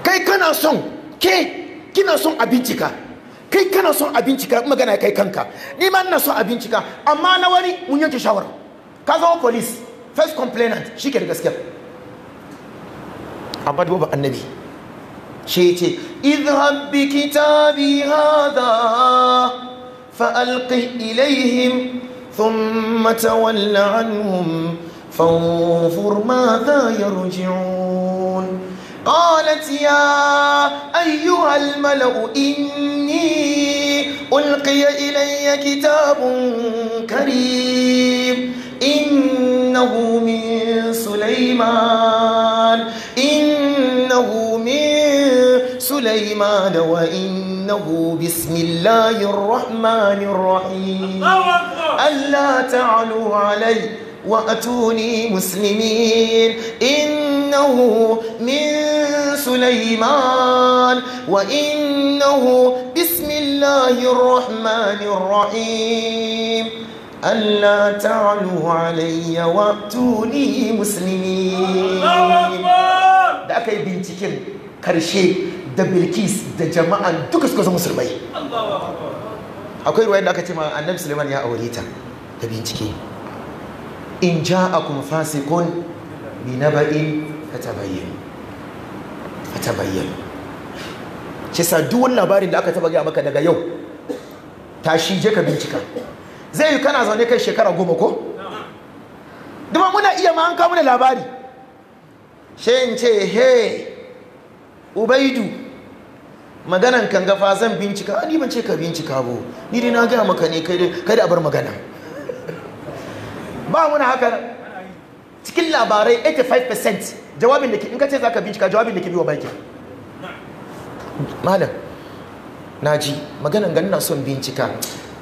kai kana son ke kina son a bincika kai kana son a bincika magana kai kanka ni ma ina son a bincika amma na wani mun yanke shawara ka zama police first complainant shi ke da gaskiya amma ba annabi شيتي اذهب بكتابي هذا فألقه إليهم ثم تول عنهم فانظر ماذا يرجعون قالت يا أيها الملأ إني ألقي إلي كتاب كريم إنه من سليمان إنه سليمان وإنه بسم الله الرحمن الرحيم ألا تعلوا علي وأتوني مسلمين إنه من سليمان وإنه بسم الله الرحمن الرحيم ألا تعلوا علي وأتوني مسلمين da aka yi binciken karshe da bilkis da jama'a duka suka musulmai akwai ruwa da aka ce ma annabi suleiman ya aure ta da bincike in ja a ja'akum fasikun bi naba'in ta fatabayyin shi sa duwan labarin da aka taba gaya maka daga yau tashi je ka bincika zai yi kana zaune kai shekara goma ko duma muna iya ma an kawo labari she in ce he ubaidu maganan kan gafa zan bincika a ni ban ce ka bincika bu ni dai na gaya maka ne kai dai a bar magana ba muna haka cikin labarai 85% jawabin da ke in ka ce za ka bincika jawabin da ke biwa baki malam na ji maganan ganin na son bincika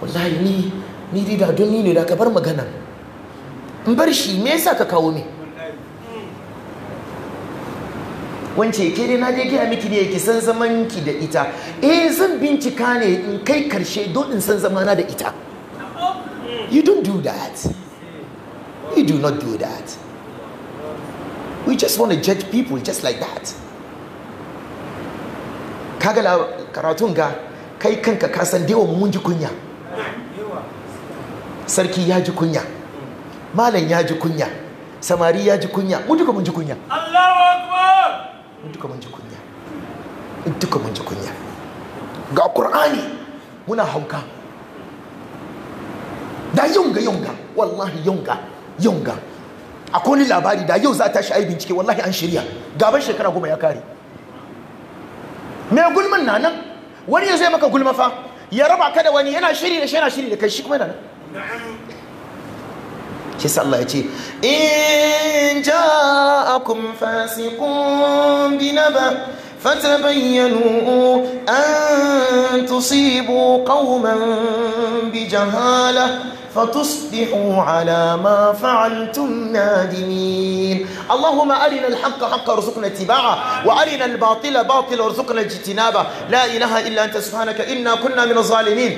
wallahi ni ni dai da don ni ne da ka bar maganan in bar shi me yasa ka kawo ni wance ke dai na je gaya miki ne ki san zaman ki da ita eh zan bincika ne in kai karshe don in san zamana da ita you don't do that you do not do that we just want to judge people just like that kaga karatun ga kai kanka ka san dewa mun ji kunya sarki ya ji kunya malam ya ji kunya samari ya ji kunya mu duka mun ji kunya Allahu akbar duka mun ji kunya duka mun ji kunya ga qur'ani muna hauka da yunga yunga wallahi yunga yunga akwai wani labari da yau za ta shi bincike wallahi an shirya gaban shekara goma ya kare mai gulman na nan wani ya zai maka gulma fa ya raba ka da wani yana shiri da shi yana shiri da kai shi kuma na nan shi sa Allah ya ce in ja'akum fasiqun binaba فتبينوا أن تصيبوا قوما بجهالة فتصبحوا على ما فعلتم نادمين اللهم أرنا الحق حقا ارزقنا اتباعه وأرنا الباطل باطل ارزقنا اجتنابه لا إله إلا أنت سبحانك إنا كنا من الظالمين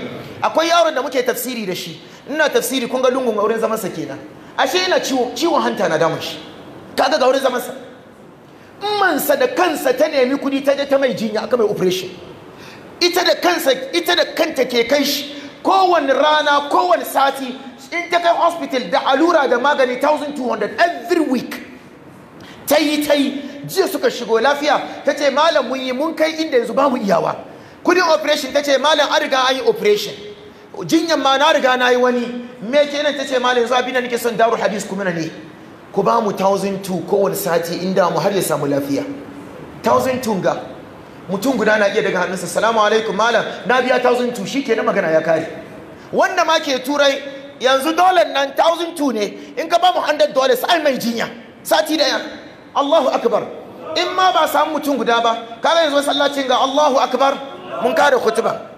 akwai yaron da muke tafsiri da shi ina tafsiri kun ga lungun wurin zaman sa kenan ashe ciwo ciwon hanta na damun shi kaga ga wurin zaman sa mansa da kansa ta nemi kudi ta je ta mai jinya aka mai operation ita da kansa ita da kanta ke kai shi kowane rana kowane sati in ta kai hospital da alura da magani 1200 every week ta yi ta yi jiya suka shigo lafiya ta ce malam mun yi mun kai inda yanzu babu iyawa kudin operation ta ce malam an riga an yi operation jinyan ma na riga na yi wani me nan ta ce malam yanzu abin da nake son daru hadis kuma ne ku ba mu 1002 kowane sati inda mu har ya samu lafiya 1002 ga mutum guda na iya daga hannunsa salamu alaikum malam na biya 1002 shi ke na magana ya kare wanda ma ke turai yanzu dolar nan 1002 ne in ka ba mu 100 dollars ai mai jinya sati daya Allahu akbar in ma ba samu mutum guda ba kaga yanzu masallacin ga Allahu akbar mun kare khutba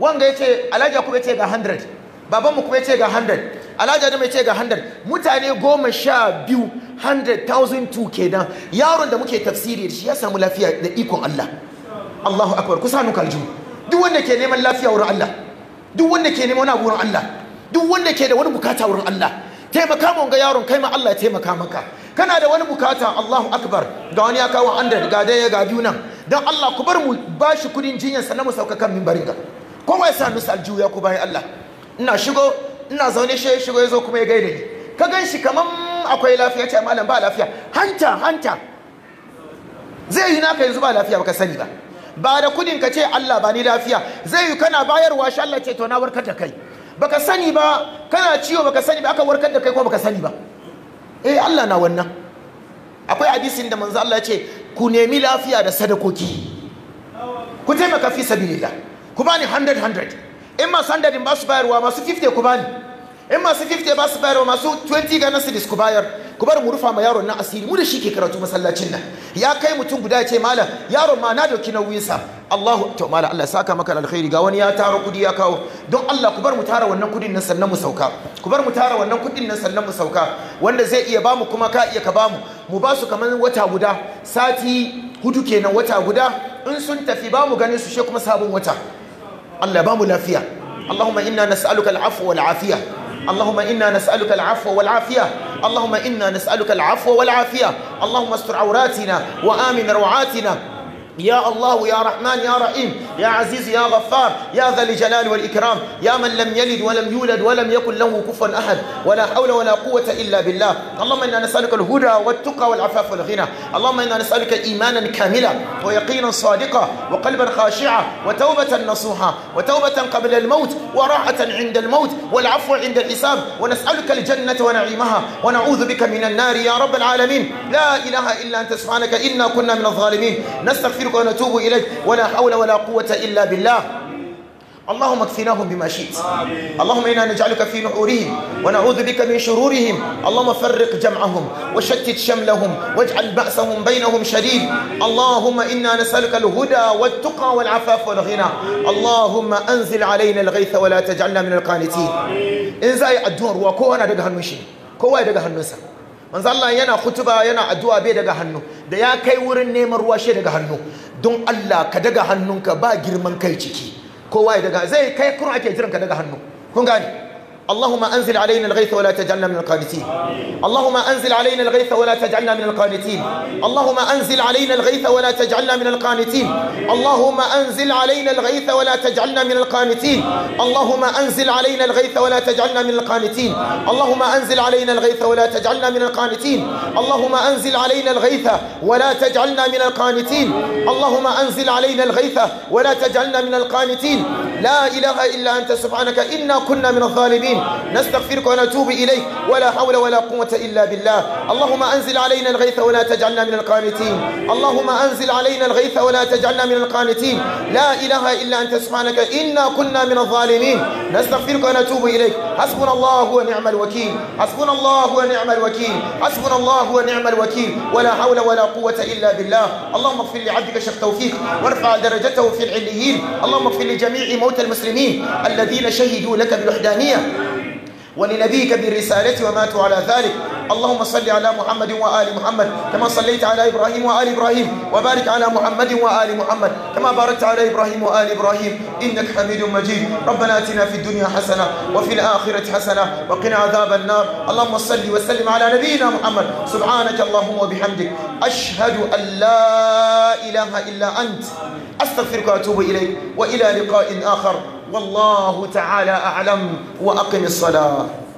wanga ya ce alhaji kuma ya ce ga 100 babanmu kuma ya ce ga 100 alhaji adamu ya ce ga 100 mutane goma sha biyu 100,002 kenan yaron da muke tafsiri da shi ya samu lafiya da ikon Allah Allahu akbar kusa nuka aljihu duk wanda ke neman lafiya wurin Allah duk wanda ke neman wani wurin Allah duk wanda ke da wani bukata wurin Allah taimaka mun ga yaron kai ma Allah ya taimaka maka kana da wani bukata Allahu akbar ga wani ya kawo 100 ga daya ga biyu nan dan Allah ku bar mu bashi kudin jinyar sa na mu sauka kan minbarin ka kuma ya sa nusu aljihu ya ku bayan Allah ina shigo ina zaune shi shigo ya zo kuma ya gaida ni ka gan shi kaman akwai lafiya ce malam ba lafiya hanta hanta zai yi naka yanzu ba lafiya baka sani ba ba da kudin ka ce Allah ba ni lafiya zai yi kana bayarwa shi Allah ce to na warkar da kai baka sani ba kana ciwo baka sani ba aka warkar da kai ko baka sani ba eh Allah na wannan akwai hadisin da manzo Allah ya ce ku nemi lafiya da sadakoki ku taimaka fi sabilillah ku 100 100 in masu 100 ba su bayarwa masu 50 ku bani in masu 50 ba su bayarwa masu 20 ga nasu ku bayar ku bar mu rufa ma yaron nan asiri mu da shi ke karatu masallacin nan ya kai mutum guda ya ce malam yaron ma na doki nauyinsa Allahu to malam Allah saka maka alkhairi ga wani ya taro kudi ya kawo don Allah ku bar mu tara wannan kudin nan sannan mu sauka ku bar mu tara wannan kudin nan sannan mu sauka wanda zai iya bamu kuma ka iya ka bamu mu ba su kamar wata guda sati hudu kenan wata guda in sun tafi bamu ganin su she kuma sabon wata اللهم العافيه اللهم انا نسالك العفو والعافيه اللهم انا نسالك العفو والعافيه اللهم انا نسالك العفو والعافيه اللهم استر عوراتنا وامن روعاتنا يا الله يا رحمن يا رحيم يا عزيز يا غفار يا ذا الجلال والإكرام يا من لم يلد ولم يولد ولم يكن له كفوا أحد ولا حول ولا قوة إلا بالله اللهم إنا نسألك الهدى والتقى والعفاف والغنى اللهم إنا نسألك إيمانا كاملا ويقينا صادقا وقلبا خاشعا وتوبة نصوحا وتوبة قبل الموت وراحة عند الموت والعفو عند الحساب ونسألك الجنة ونعيمها ونعوذ بك من النار يا رب العالمين لا إله إلا أنت سبحانك إنا كنا من الظالمين نستغفر نستغفرك ونتوب إليك ولا حول ولا قوة إلا بالله اللهم اكفناهم بما شئت اللهم إنا نجعلك في نحورهم ونعوذ بك من شرورهم اللهم فرق جمعهم وشتت شملهم واجعل بأسهم بينهم شديد اللهم إنا نسألك الهدى والتقى والعفاف والغنى اللهم أنزل علينا الغيث ولا تجعلنا من القانتين إن زي الدور وكونا دقها المشي كوا دقها النسا manzo Allah yana kutuba yana addu'a bai daga hannu da ya kai wurin neman ruwa shi daga hannu don Allah ka daga hannunka ba girman kai ciki kowa ya daga zai kai kurun ake jiran ka daga hannu kun gane اللهم أنزل علينا الغيث ولا تجعلنا من القانتين اللهم أنزل علينا الغيث ولا تجعلنا من القانتين اللهم أنزل علينا الغيث ولا تجعلنا من القانتين اللهم أنزل علينا الغيث ولا تجعلنا من القانتين اللهم أنزل علينا الغيث ولا تجعلنا من القانتين اللهم أنزل علينا الغيث ولا تجعلنا من القانتين اللهم أنزل علينا الغيث ولا تجعلنا من القانتين اللهم أنزل علينا الغيث ولا تجعلنا من القانتين لا إله إلا أنت سبحانك إنا كنا من الظالمين الرحيم نستغفرك ونتوب إليك ولا حول ولا قوة إلا بالله اللهم أنزل علينا الغيث ولا تجعلنا من القانتين اللهم أنزل علينا الغيث ولا تجعلنا من القانتين لا إله إلا أنت سبحانك إنا كنا من الظالمين نستغفرك ونتوب إليك حسبنا الله ونعم الوكيل حسبنا الله ونعم الوكيل حسبنا الله ونعم الوكيل ولا حول ولا قوة إلا بالله اللهم اغفر لعبدك شيخ توفيق وارفع درجته في العليين اللهم اغفر لجميع موتى المسلمين الذين شهدوا لك بالوحدانية ولنبيك بالرسالة وماتوا على ذلك اللهم صل على محمد وآل محمد كما صليت على إبراهيم وآل إبراهيم وبارك على محمد وآل محمد كما باركت على إبراهيم وآل إبراهيم إنك حميد مجيد ربنا آتنا في الدنيا حسنة وفي الآخرة حسنة وقنا عذاب النار اللهم صل وسلم على نبينا محمد سبحانك اللهم وبحمدك أشهد أن لا إله إلا أنت أستغفرك وأتوب إليك وإلى لقاء آخر والله تعالى أعلم وأقم الصلاة